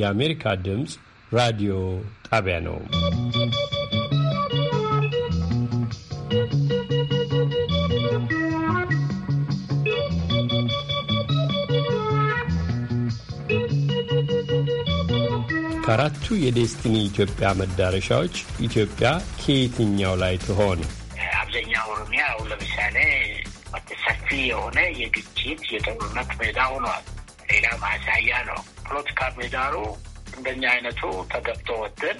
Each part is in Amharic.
የአሜሪካ ድምፅ ራዲዮ ጣቢያ ነው። ከአራቱ የዴስቲኒ ኢትዮጵያ መዳረሻዎች ኢትዮጵያ ከየትኛው ላይ ትሆን? አብዛኛው ኦሮሚያ አሁን ለምሳሌ ሰፊ የሆነ የግጭት የጦርነት ሜዳ ሆኗል። ሌላ ማሳያ ነው። ፖለቲካ ሜዳሩ እንደኛ አይነቱ ተገብቶ ወጥን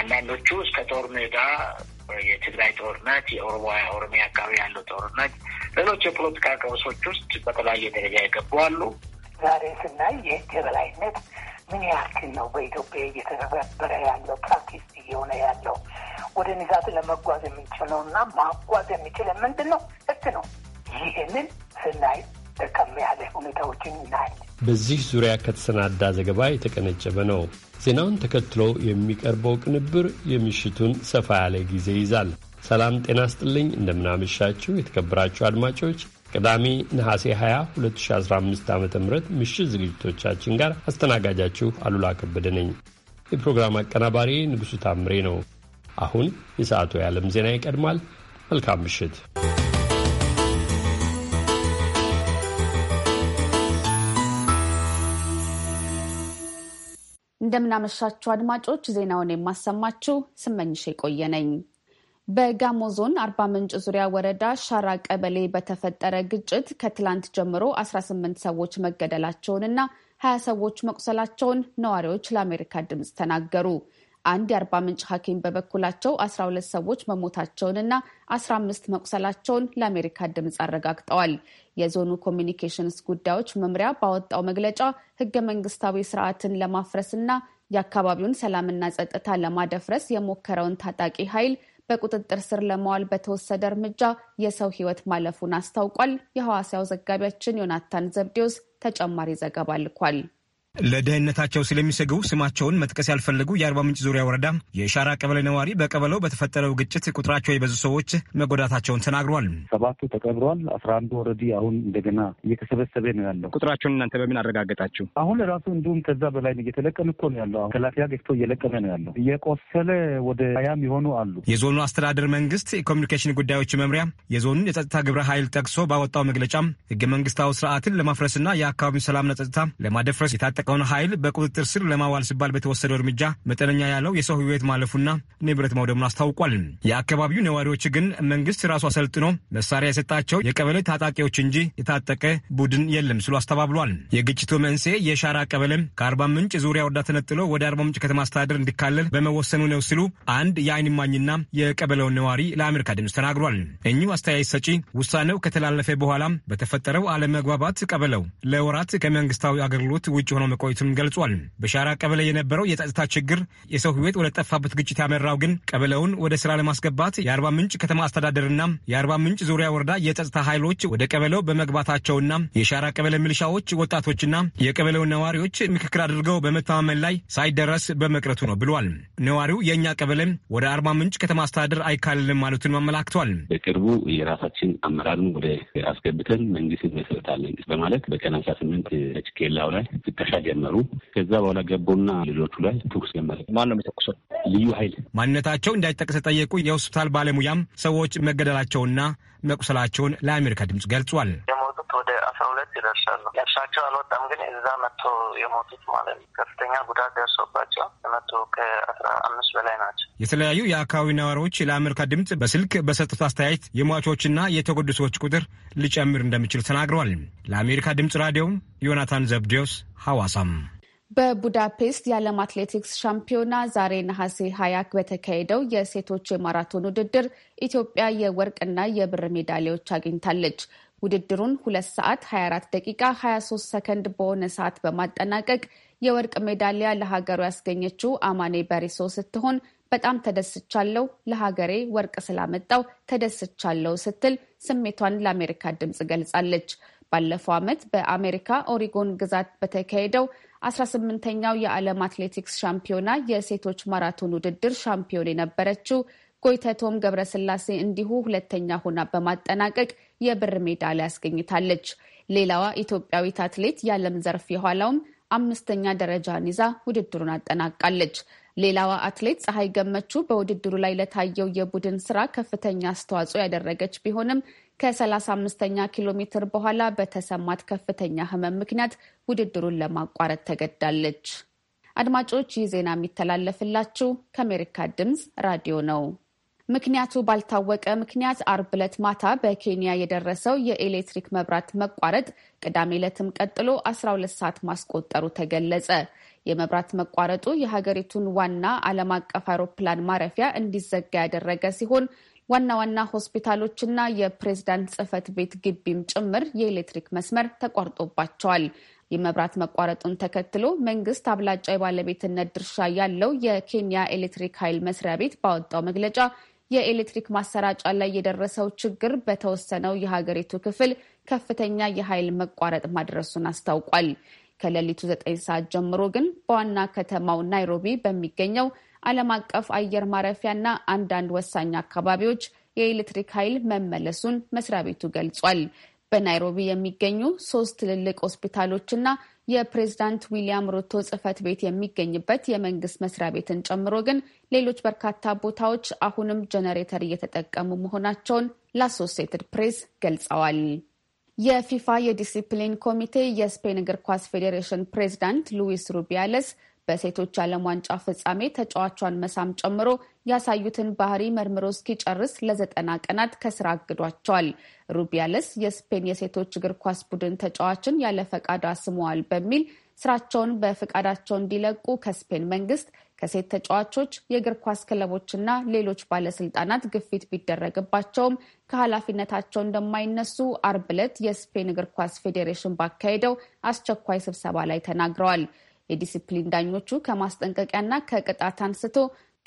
አንዳንዶቹ እስከ ጦር ሜዳ የትግራይ ጦርነት፣ የኦሮሞ ኦሮሚያ አካባቢ ያለው ጦርነት፣ ሌሎች የፖለቲካ ቀውሶች ውስጥ በተለያየ ደረጃ የገቡ አሉ። ዛሬ ስናይ የህግ የበላይነት ምን ያክል ነው በኢትዮጵያ እየተረበረ ያለው ፕራክቲስ እየሆነ ያለው ወደ ንጋት ለመጓዝ የምንችለው እና ማጓዝ የሚችል ምንድን ነው? ህግ ነው። ይህንን ስናይ ጠቀም ያለ ሁኔታዎችን እናያለን። በዚህ ዙሪያ ከተሰናዳ ዘገባ የተቀነጨበ ነው። ዜናውን ተከትሎ የሚቀርበው ቅንብር የምሽቱን ሰፋ ያለ ጊዜ ይዛል። ሰላም ጤና ስጥልኝ። እንደምናመሻችሁ የተከበራችሁ አድማጮች ቅዳሜ ነሐሴ 20 2015 ዓ ም ምሽት ዝግጅቶቻችን ጋር አስተናጋጃችሁ አሉላ ከበደ ነኝ። የፕሮግራም አቀናባሪ ንጉሡ ታምሬ ነው። አሁን የሰዓቱ የዓለም ዜና ይቀድማል። መልካም ምሽት። እንደምናመሻችሁ አድማጮች፣ ዜናውን የማሰማችሁ ስመኝሽ የቆየ ነኝ። በጋሞ ዞን አርባ ምንጭ ዙሪያ ወረዳ ሻራ ቀበሌ በተፈጠረ ግጭት ከትላንት ጀምሮ 18 ሰዎች መገደላቸውንና 20 ሰዎች መቁሰላቸውን ነዋሪዎች ለአሜሪካ ድምፅ ተናገሩ። አንድ የአርባ ምንጭ ሐኪም በበኩላቸው 12 ሰዎች መሞታቸውንና 15 መቁሰላቸውን ለአሜሪካ ድምፅ አረጋግጠዋል። የዞኑ ኮሚኒኬሽንስ ጉዳዮች መምሪያ ባወጣው መግለጫ ህገ መንግስታዊ ስርዓትን ለማፍረስና የአካባቢውን ሰላምና ጸጥታ ለማደፍረስ የሞከረውን ታጣቂ ኃይል በቁጥጥር ስር ለመዋል በተወሰደ እርምጃ የሰው ህይወት ማለፉን አስታውቋል። የሐዋሳው ዘጋቢያችን ዮናታን ዘብዴዎስ ተጨማሪ ዘገባ ልኳል። ለደህንነታቸው ስለሚሰግቡ ስማቸውን መጥቀስ ያልፈለጉ የአርባ ምንጭ ዙሪያ ወረዳ የሻራ ቀበሌ ነዋሪ በቀበለው በተፈጠረው ግጭት ቁጥራቸው የበዙ ሰዎች መጎዳታቸውን ተናግሯል። ሰባቱ ተቀብረዋል። አስራ አንዱ ወረዲ አሁን እንደገና እየተሰበሰበ ነው ያለው። ቁጥራቸውን እናንተ በምን አረጋገጣችሁ? አሁን ለራሱ እንዲሁም ከዛ በላይ እየተለቀም እኮ ነው ያለው። ከላፊያ ገፍቶ እየለቀመ ነው ያለው። እየቆሰለ ወደ ሀያም የሆኑ አሉ። የዞኑ አስተዳደር መንግስት የኮሚኒኬሽን ጉዳዮች መምሪያ የዞኑን የጸጥታ ግብረ ኃይል ጠቅሶ ባወጣው መግለጫም ህገ መንግስታዊ ስርዓትን ለማፍረስና የአካባቢውን ሰላምና ጸጥታ ለማደፍረስ የታጠቀ የታጠቀውን ኃይል በቁጥጥር ስር ለማዋል ሲባል በተወሰደው እርምጃ መጠነኛ ያለው የሰው ህይወት ማለፉና ንብረት መውደሙን አስታውቋል። የአካባቢው ነዋሪዎች ግን መንግስት ራሱ አሰልጥኖ መሳሪያ የሰጣቸው የቀበሌ ታጣቂዎች እንጂ የታጠቀ ቡድን የለም ሲሉ አስተባብሏል። የግጭቱ መንስኤ የሻራ ቀበሌ ከአርባ ምንጭ ዙሪያ ወረዳ ተነጥሎ ወደ አርባ ምንጭ ከተማ አስተዳደር እንዲካለል በመወሰኑ ነው ሲሉ አንድ የአይን ማኝና የቀበሌውን ነዋሪ ለአሜሪካ ድምፅ ተናግሯል። እኚሁ አስተያየት ሰጪ ውሳኔው ከተላለፈ በኋላ በተፈጠረው አለመግባባት ቀበለው ለወራት ከመንግስታዊ አገልግሎት ውጭ ሆነው መቆየቱን ገልጿል። በሻራ ቀበሌ የነበረው የጸጥታ ችግር የሰው ህይወት ወደ ጠፋበት ግጭት ያመራው ግን ቀበሌውን ወደ ስራ ለማስገባት የአርባ ምንጭ ከተማ አስተዳደርና የአርባ ምንጭ ዙሪያ ወረዳ የጸጥታ ኃይሎች ወደ ቀበሌው በመግባታቸውና የሻራ ቀበሌ ሚሊሻዎች፣ ወጣቶችና የቀበሌው ነዋሪዎች ምክክር አድርገው በመተማመን ላይ ሳይደረስ በመቅረቱ ነው ብሏል። ነዋሪው የእኛ ቀበሌ ወደ አርባ ምንጭ ከተማ አስተዳደር አይካልልም ማለቱን አመላክቷል። በቅርቡ የራሳችን አመራርን ወደ አስገብተን መንግስት መሰረታለን በማለት በቀን አስራ ስምንት ችኬላው ላይ ፍተሻ ጀመሩ። ከዛ በኋላ ገቡና ልጆቹ ላይ ተኩስ ጀመረ። ማን ነው የሚተኩሰው? ልዩ ኃይል ማንነታቸው እንዳይጠቀስ የጠየቁ የሆስፒታል ባለሙያም ሰዎች መገደላቸውና መቁሰላቸውን ለአሜሪካ ድምፅ ገልጿል። ይደርሳሉ። ነፍሳቸው አልወጣም፣ ግን እዛ መቶ የሞቱት ማለት ነው። ከፍተኛ ጉዳት ደርሶባቸው መቶ ከአስራ አምስት በላይ ናቸው። የተለያዩ የአካባቢ ነዋሪዎች ለአሜሪካ ድምፅ በስልክ በሰጡት አስተያየት የሟቾችና የተጎዱ ሰዎች ቁጥር ሊጨምር እንደሚችል ተናግረዋል። ለአሜሪካ ድምፅ ራዲዮ ዮናታን ዘብዴዎስ ሐዋሳም በቡዳፔስት የዓለም አትሌቲክስ ሻምፒዮና ዛሬ ነሐሴ ሀያክ በተካሄደው የሴቶች የማራቶን ውድድር ኢትዮጵያ የወርቅና የብር ሜዳሊያዎች አግኝታለች። ውድድሩን 2 ሰዓት 24 ደቂቃ 23 ሰከንድ በሆነ ሰዓት በማጠናቀቅ የወርቅ ሜዳሊያ ለሀገሩ ያስገኘችው አማኔ በሪሶ ስትሆን በጣም ተደስቻለሁ፣ ለሀገሬ ወርቅ ስላመጣው ተደስቻለሁ ስትል ስሜቷን ለአሜሪካ ድምፅ ገልጻለች። ባለፈው ዓመት በአሜሪካ ኦሪጎን ግዛት በተካሄደው 18ኛው የዓለም አትሌቲክስ ሻምፒዮና የሴቶች ማራቶን ውድድር ሻምፒዮን የነበረችው ጎይተቶም ገብረስላሴ እንዲሁ ሁለተኛ ሆና በማጠናቀቅ የብር ሜዳሊያ አስገኝታለች። ሌላዋ ኢትዮጵያዊት አትሌት የዓለም ዘርፍ የኋላውም አምስተኛ ደረጃን ይዛ ውድድሩን አጠናቃለች። ሌላዋ አትሌት ፀሐይ ገመቹ በውድድሩ ላይ ለታየው የቡድን ስራ ከፍተኛ አስተዋጽኦ ያደረገች ቢሆንም ከ35ኛ ኪሎ ሜትር በኋላ በተሰማት ከፍተኛ ህመም ምክንያት ውድድሩን ለማቋረጥ ተገዳለች። አድማጮች ይህ ዜና የሚተላለፍላችሁ ከአሜሪካ ድምፅ ራዲዮ ነው። ምክንያቱ ባልታወቀ ምክንያት አርብ ዕለት ማታ በኬንያ የደረሰው የኤሌክትሪክ መብራት መቋረጥ ቅዳሜ ዕለትም ቀጥሎ 12 ሰዓት ማስቆጠሩ ተገለጸ። የመብራት መቋረጡ የሀገሪቱን ዋና ዓለም አቀፍ አውሮፕላን ማረፊያ እንዲዘጋ ያደረገ ሲሆን ዋና ዋና ሆስፒታሎችና የፕሬዝዳንት ጽህፈት ቤት ግቢም ጭምር የኤሌክትሪክ መስመር ተቋርጦባቸዋል። የመብራት መቋረጡን ተከትሎ መንግስት አብላጫ የባለቤትነት ድርሻ ያለው የኬንያ ኤሌክትሪክ ኃይል መስሪያ ቤት ባወጣው መግለጫ የኤሌክትሪክ ማሰራጫ ላይ የደረሰው ችግር በተወሰነው የሀገሪቱ ክፍል ከፍተኛ የኃይል መቋረጥ ማድረሱን አስታውቋል። ከሌሊቱ ዘጠኝ ሰዓት ጀምሮ ግን በዋና ከተማው ናይሮቢ በሚገኘው ዓለም አቀፍ አየር ማረፊያና አንዳንድ ወሳኝ አካባቢዎች የኤሌክትሪክ ኃይል መመለሱን መስሪያ ቤቱ ገልጿል። በናይሮቢ የሚገኙ ሶስት ትልልቅ ሆስፒታሎችና የፕሬዝዳንት ዊሊያም ሩቶ ጽህፈት ቤት የሚገኝበት የመንግስት መስሪያ ቤትን ጨምሮ ግን ሌሎች በርካታ ቦታዎች አሁንም ጀነሬተር እየተጠቀሙ መሆናቸውን ለአሶሴትድ ፕሬስ ገልጸዋል። የፊፋ የዲሲፕሊን ኮሚቴ የስፔን እግር ኳስ ፌዴሬሽን ፕሬዝዳንት ሉዊስ ሩቢያለስ በሴቶች ዓለም ዋንጫ ፍጻሜ ተጫዋቿን መሳም ጨምሮ ያሳዩትን ባህሪ መርምሮ እስኪጨርስ ለዘጠና ቀናት ከስራ አግዷቸዋል። ሩቢያለስ የስፔን የሴቶች እግር ኳስ ቡድን ተጫዋችን ያለ ፈቃድ አስመዋል በሚል ስራቸውን በፈቃዳቸው እንዲለቁ ከስፔን መንግስት፣ ከሴት ተጫዋቾች፣ የእግር ኳስ ክለቦችና ሌሎች ባለስልጣናት ግፊት ቢደረግባቸውም ከኃላፊነታቸው እንደማይነሱ አርብ ዕለት የስፔን እግር ኳስ ፌዴሬሽን ባካሄደው አስቸኳይ ስብሰባ ላይ ተናግረዋል። የዲሲፕሊን ዳኞቹ ከማስጠንቀቂያና ከቅጣት አንስቶ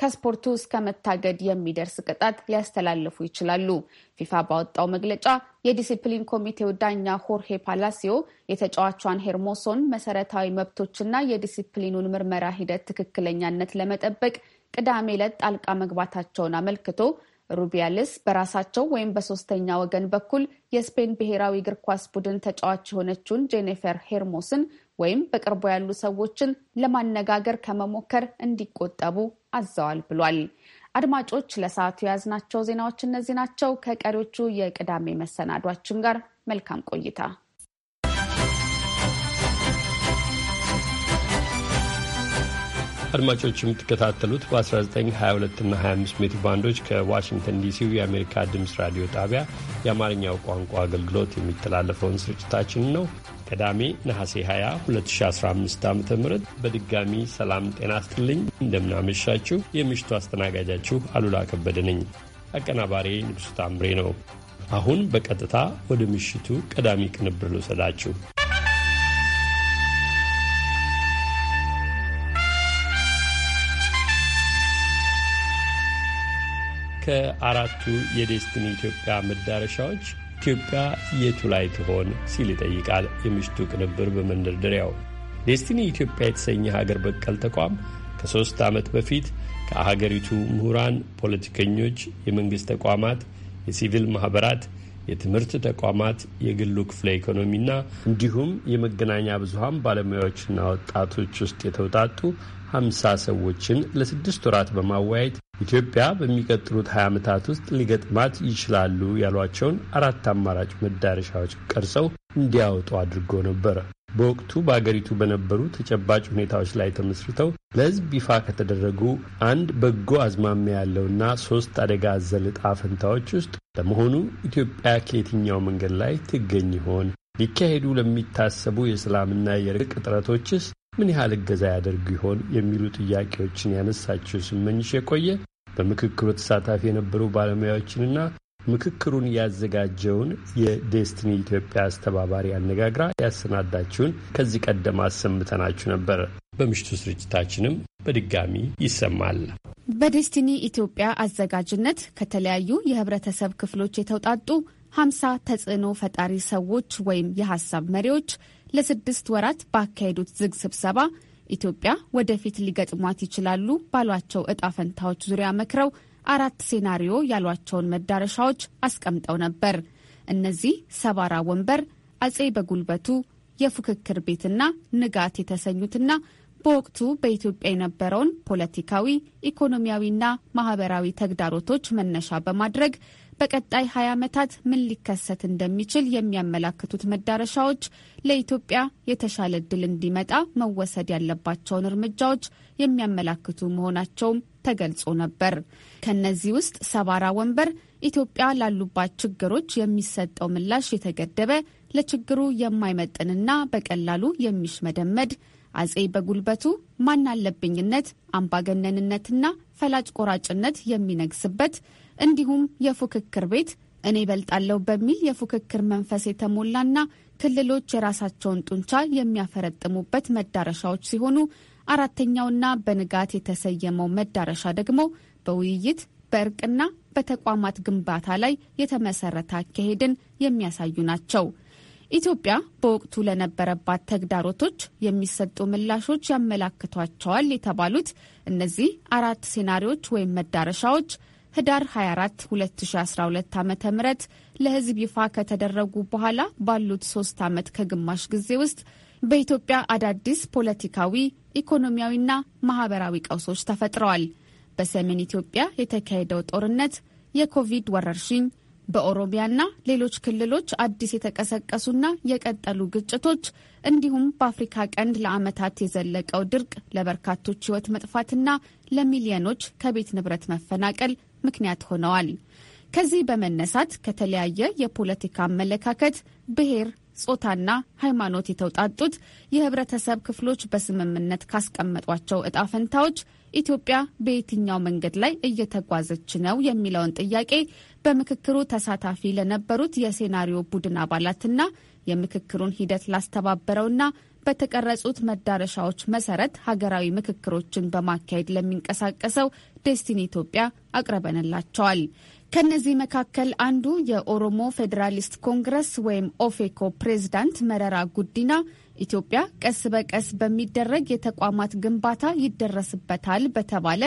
ከስፖርቱ እስከ መታገድ የሚደርስ ቅጣት ሊያስተላልፉ ይችላሉ። ፊፋ ባወጣው መግለጫ የዲሲፕሊን ኮሚቴው ዳኛ ሆርሄ ፓላሲዮ የተጫዋቿን ሄርሞሶን መሰረታዊ መብቶችና የዲሲፕሊኑን ምርመራ ሂደት ትክክለኛነት ለመጠበቅ ቅዳሜ ዕለት ጣልቃ መግባታቸውን አመልክቶ ሩቢያልስ በራሳቸው ወይም በሶስተኛ ወገን በኩል የስፔን ብሔራዊ እግር ኳስ ቡድን ተጫዋች የሆነችውን ጄኔፈር ሄርሞስን ወይም በቅርቡ ያሉ ሰዎችን ለማነጋገር ከመሞከር እንዲቆጠቡ አዘዋል ብሏል። አድማጮች፣ ለሰዓቱ የያዝናቸው ዜናዎች እነዚህ ናቸው። ከቀሪዎቹ የቅዳሜ መሰናዷችን ጋር መልካም ቆይታ። አድማጮች የምትከታተሉት በ1922 እና 25 ሜትር ባንዶች ከዋሽንግተን ዲሲው የአሜሪካ ድምፅ ራዲዮ ጣቢያ የአማርኛው ቋንቋ አገልግሎት የሚተላለፈውን ስርጭታችን ነው። ቅዳሜ ነሐሴ 20 2015 ዓ ም በድጋሚ ሰላም ጤና ስጥልኝ። እንደምናመሻችሁ። የምሽቱ አስተናጋጃችሁ አሉላ ከበደ ነኝ። አቀናባሪ ንጉሥ ታምሬ ነው። አሁን በቀጥታ ወደ ምሽቱ ቀዳሚ ቅንብር ልውሰዳችሁ። ከአራቱ የዴስቲኒ ኢትዮጵያ መዳረሻዎች ኢትዮጵያ የቱ ላይ ትሆን ሲል ይጠይቃል የምሽቱ ቅንብር በመንደርደሪያው። ዴስቲኒ ኢትዮጵያ የተሰኘ ሀገር በቀል ተቋም ከሦስት ዓመት በፊት ከሀገሪቱ ምሁራን፣ ፖለቲከኞች፣ የመንግሥት ተቋማት፣ የሲቪል ማኅበራት፣ የትምህርት ተቋማት፣ የግሉ ክፍለ ኢኮኖሚና እንዲሁም የመገናኛ ብዙሃን ባለሙያዎችና ወጣቶች ውስጥ የተውጣጡ 50 ሰዎችን ለስድስት ወራት በማወያየት ኢትዮጵያ በሚቀጥሉት 20 ዓመታት ውስጥ ሊገጥማት ይችላሉ ያሏቸውን አራት አማራጭ መዳረሻዎች ቀርጸው እንዲያወጡ አድርጎ ነበር። በወቅቱ በአገሪቱ በነበሩ ተጨባጭ ሁኔታዎች ላይ ተመስርተው ለሕዝብ ይፋ ከተደረጉ አንድ በጎ አዝማሚያ ያለውና ሶስት አደጋ አዘል ዕጣ ፈንታዎች ውስጥ ለመሆኑ ኢትዮጵያ ከየትኛው መንገድ ላይ ትገኝ ይሆን? ሊካሄዱ ለሚታሰቡ የሰላምና የእርቅ ጥረቶችስ ምን ያህል እገዛ ያደርጉ ይሆን የሚሉ ጥያቄዎችን ያነሳችው ስመኝሽ የቆየ በምክክሩ ተሳታፊ የነበሩ ባለሙያዎችንና ምክክሩን ያዘጋጀውን የዴስትኒ ኢትዮጵያ አስተባባሪ አነጋግራ ያሰናዳችውን ከዚህ ቀደም አሰምተናችሁ ነበር። በምሽቱ ስርጭታችንም በድጋሚ ይሰማል። በዴስቲኒ ኢትዮጵያ አዘጋጅነት ከተለያዩ የህብረተሰብ ክፍሎች የተውጣጡ ሀምሳ ተጽዕኖ ፈጣሪ ሰዎች ወይም የሀሳብ መሪዎች ለስድስት ወራት ባካሄዱት ዝግ ስብሰባ ኢትዮጵያ ወደፊት ሊገጥሟት ይችላሉ ባሏቸው እጣ ፈንታዎች ዙሪያ መክረው አራት ሴናሪዮ ያሏቸውን መዳረሻዎች አስቀምጠው ነበር። እነዚህ ሰባራ ወንበር፣ አጼ በጉልበቱ፣ የፉክክር ቤትና ንጋት የተሰኙትና በወቅቱ በኢትዮጵያ የነበረውን ፖለቲካዊ ኢኮኖሚያዊና ማህበራዊ ተግዳሮቶች መነሻ በማድረግ በቀጣይ 20 ዓመታት ምን ሊከሰት እንደሚችል የሚያመላክቱት መዳረሻዎች ለኢትዮጵያ የተሻለ እድል እንዲመጣ መወሰድ ያለባቸውን እርምጃዎች የሚያመላክቱ መሆናቸውም ተገልጾ ነበር። ከእነዚህ ውስጥ ሰባራ ወንበር ኢትዮጵያ ላሉባት ችግሮች የሚሰጠው ምላሽ የተገደበ ለችግሩ የማይመጥንና በቀላሉ የሚሽመደመድ አጼ በጉልበቱ ማናለብኝነት፣ አምባገነንነትና ፈላጭ ቆራጭነት የሚነግስበት እንዲሁም የፉክክር ቤት እኔ ይበልጣለሁ በሚል የፉክክር መንፈስ የተሞላና ክልሎች የራሳቸውን ጡንቻ የሚያፈረጥሙበት መዳረሻዎች ሲሆኑ አራተኛውና በንጋት የተሰየመው መዳረሻ ደግሞ በውይይት በእርቅና በተቋማት ግንባታ ላይ የተመሰረተ አካሄድን የሚያሳዩ ናቸው። ኢትዮጵያ በወቅቱ ለነበረባት ተግዳሮቶች የሚሰጡ ምላሾች ያመላክቷቸዋል የተባሉት እነዚህ አራት ሴናሪዎች ወይም መዳረሻዎች ህዳር 24 2012 ዓ ም ለህዝብ ይፋ ከተደረጉ በኋላ ባሉት ሶስት ዓመት ከግማሽ ጊዜ ውስጥ በኢትዮጵያ አዳዲስ ፖለቲካዊ፣ ኢኮኖሚያዊና ማህበራዊ ቀውሶች ተፈጥረዋል። በሰሜን ኢትዮጵያ የተካሄደው ጦርነት፣ የኮቪድ ወረርሽኝ፣ በኦሮሚያና ሌሎች ክልሎች አዲስ የተቀሰቀሱና የቀጠሉ ግጭቶች እንዲሁም በአፍሪካ ቀንድ ለዓመታት የዘለቀው ድርቅ ለበርካቶች ህይወት መጥፋትና ለሚሊዮኖች ከቤት ንብረት መፈናቀል ምክንያት ሆነዋል። ከዚህ በመነሳት ከተለያየ የፖለቲካ አመለካከት፣ ብሔር፣ ጾታና ሃይማኖት የተውጣጡት የህብረተሰብ ክፍሎች በስምምነት ካስቀመጧቸው እጣ ፈንታዎች ኢትዮጵያ በየትኛው መንገድ ላይ እየተጓዘች ነው የሚለውን ጥያቄ በምክክሩ ተሳታፊ ለነበሩት የሴናሪዮ ቡድን አባላትና የምክክሩን ሂደት ላስተባበረውና በተቀረጹት መዳረሻዎች መሰረት ሀገራዊ ምክክሮችን በማካሄድ ለሚንቀሳቀሰው ዴስቲኒ ኢትዮጵያ አቅርበንላቸዋል። ከነዚህ መካከል አንዱ የኦሮሞ ፌዴራሊስት ኮንግረስ ወይም ኦፌኮ ፕሬዝዳንት መረራ ጉዲና ኢትዮጵያ ቀስ በቀስ በሚደረግ የተቋማት ግንባታ ይደረስበታል በተባለ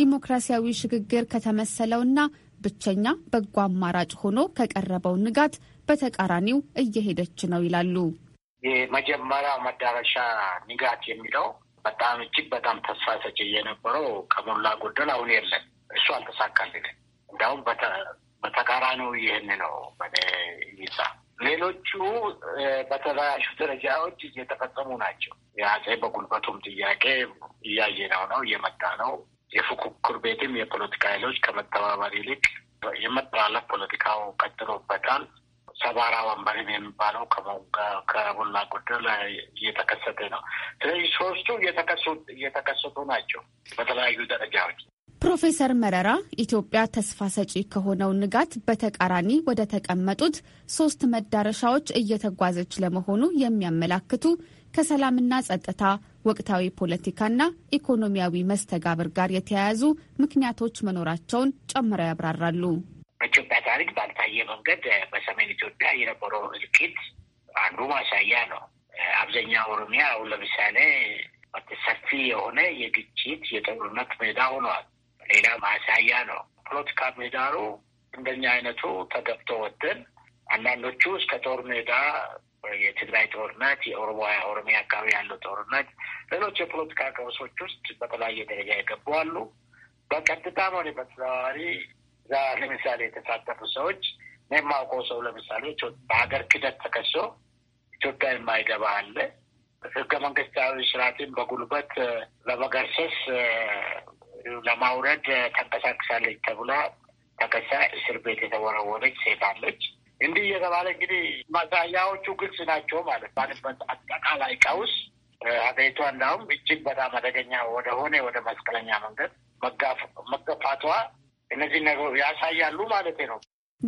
ዲሞክራሲያዊ ሽግግር ከተመሰለውና ብቸኛ በጎ አማራጭ ሆኖ ከቀረበው ንጋት በተቃራኒው እየሄደች ነው ይላሉ። የመጀመሪያው መዳረሻ ንጋት የሚለው በጣም እጅግ በጣም ተስፋ ሰጪ የነበረው ከሞላ ጎደል አሁን የለም። እሱ አልተሳካልንም። እንዲሁም በተቃራኒው ይህን ነው ይዛ ሌሎቹ በተለያዩ ደረጃዎች እየተፈጸሙ ናቸው። የአጼ በጉልበቱም ጥያቄ እያየነው ነው፣ እየመጣ ነው። የፉክክር ቤትም የፖለቲካ ኃይሎች ከመተባበር ይልቅ የመጠላለፍ ፖለቲካው ቀጥሎበታል። ሰባራ ወንበሪም የሚባለው ከቡና ጎደል እየተከሰተ ነው። ስለዚህ ሶስቱ እየተከሰቱ ናቸው በተለያዩ ደረጃዎች። ፕሮፌሰር መረራ ኢትዮጵያ ተስፋ ሰጪ ከሆነው ንጋት በተቃራኒ ወደ ተቀመጡት ሶስት መዳረሻዎች እየተጓዘች ለመሆኑ የሚያመላክቱ ከሰላምና ጸጥታ፣ ወቅታዊ ፖለቲካና ኢኮኖሚያዊ መስተጋብር ጋር የተያያዙ ምክንያቶች መኖራቸውን ጨምረው ያብራራሉ። ታሪክ ባልታየ መንገድ በሰሜን ኢትዮጵያ የነበረው እልቂት አንዱ ማሳያ ነው። አብዛኛው ኦሮሚያ አሁን ለምሳሌ ሰፊ የሆነ የግጭት የጦርነት ሜዳ ሆኗል። ሌላ ማሳያ ነው። ፖለቲካ ምህዳሩ እንደኛ አይነቱ ተገብቶ ወጥን አንዳንዶቹ እስከ ጦር ሜዳ የትግራይ ጦርነት፣ የኦሮሞ ኦሮሚያ አካባቢ ያለው ጦርነት፣ ሌሎች የፖለቲካ ቀውሶች ውስጥ በተለያየ ደረጃ የገቡ አሉ። በቀጥታም ሆነ በተዘዋዋሪ እዛ ለምሳሌ የተሳተፉ ሰዎች የማውቀው ሰው ለምሳሌ በሀገር ክደት ተከሶ ኢትዮጵያ የማይገባ አለ። ህገ መንግስታዊ ስርዓትን በጉልበት ለመገርሰስ ለማውረድ ተንቀሳቅሳለች ተብላ ተከሳ እስር ቤት የተወረወረች ሴት አለች። እንዲህ እየተባለ እንግዲህ ማሳያዎቹ ግልጽ ናቸው ማለት ባለበት አጠቃላይ ቀውስ ሀገሪቷ እንዳውም እጅግ በጣም አደገኛ ወደሆነ ወደ መስቀለኛ መንገድ መጋፋቷ እነዚህ ነገሮች ያሳያሉ ማለት ነው።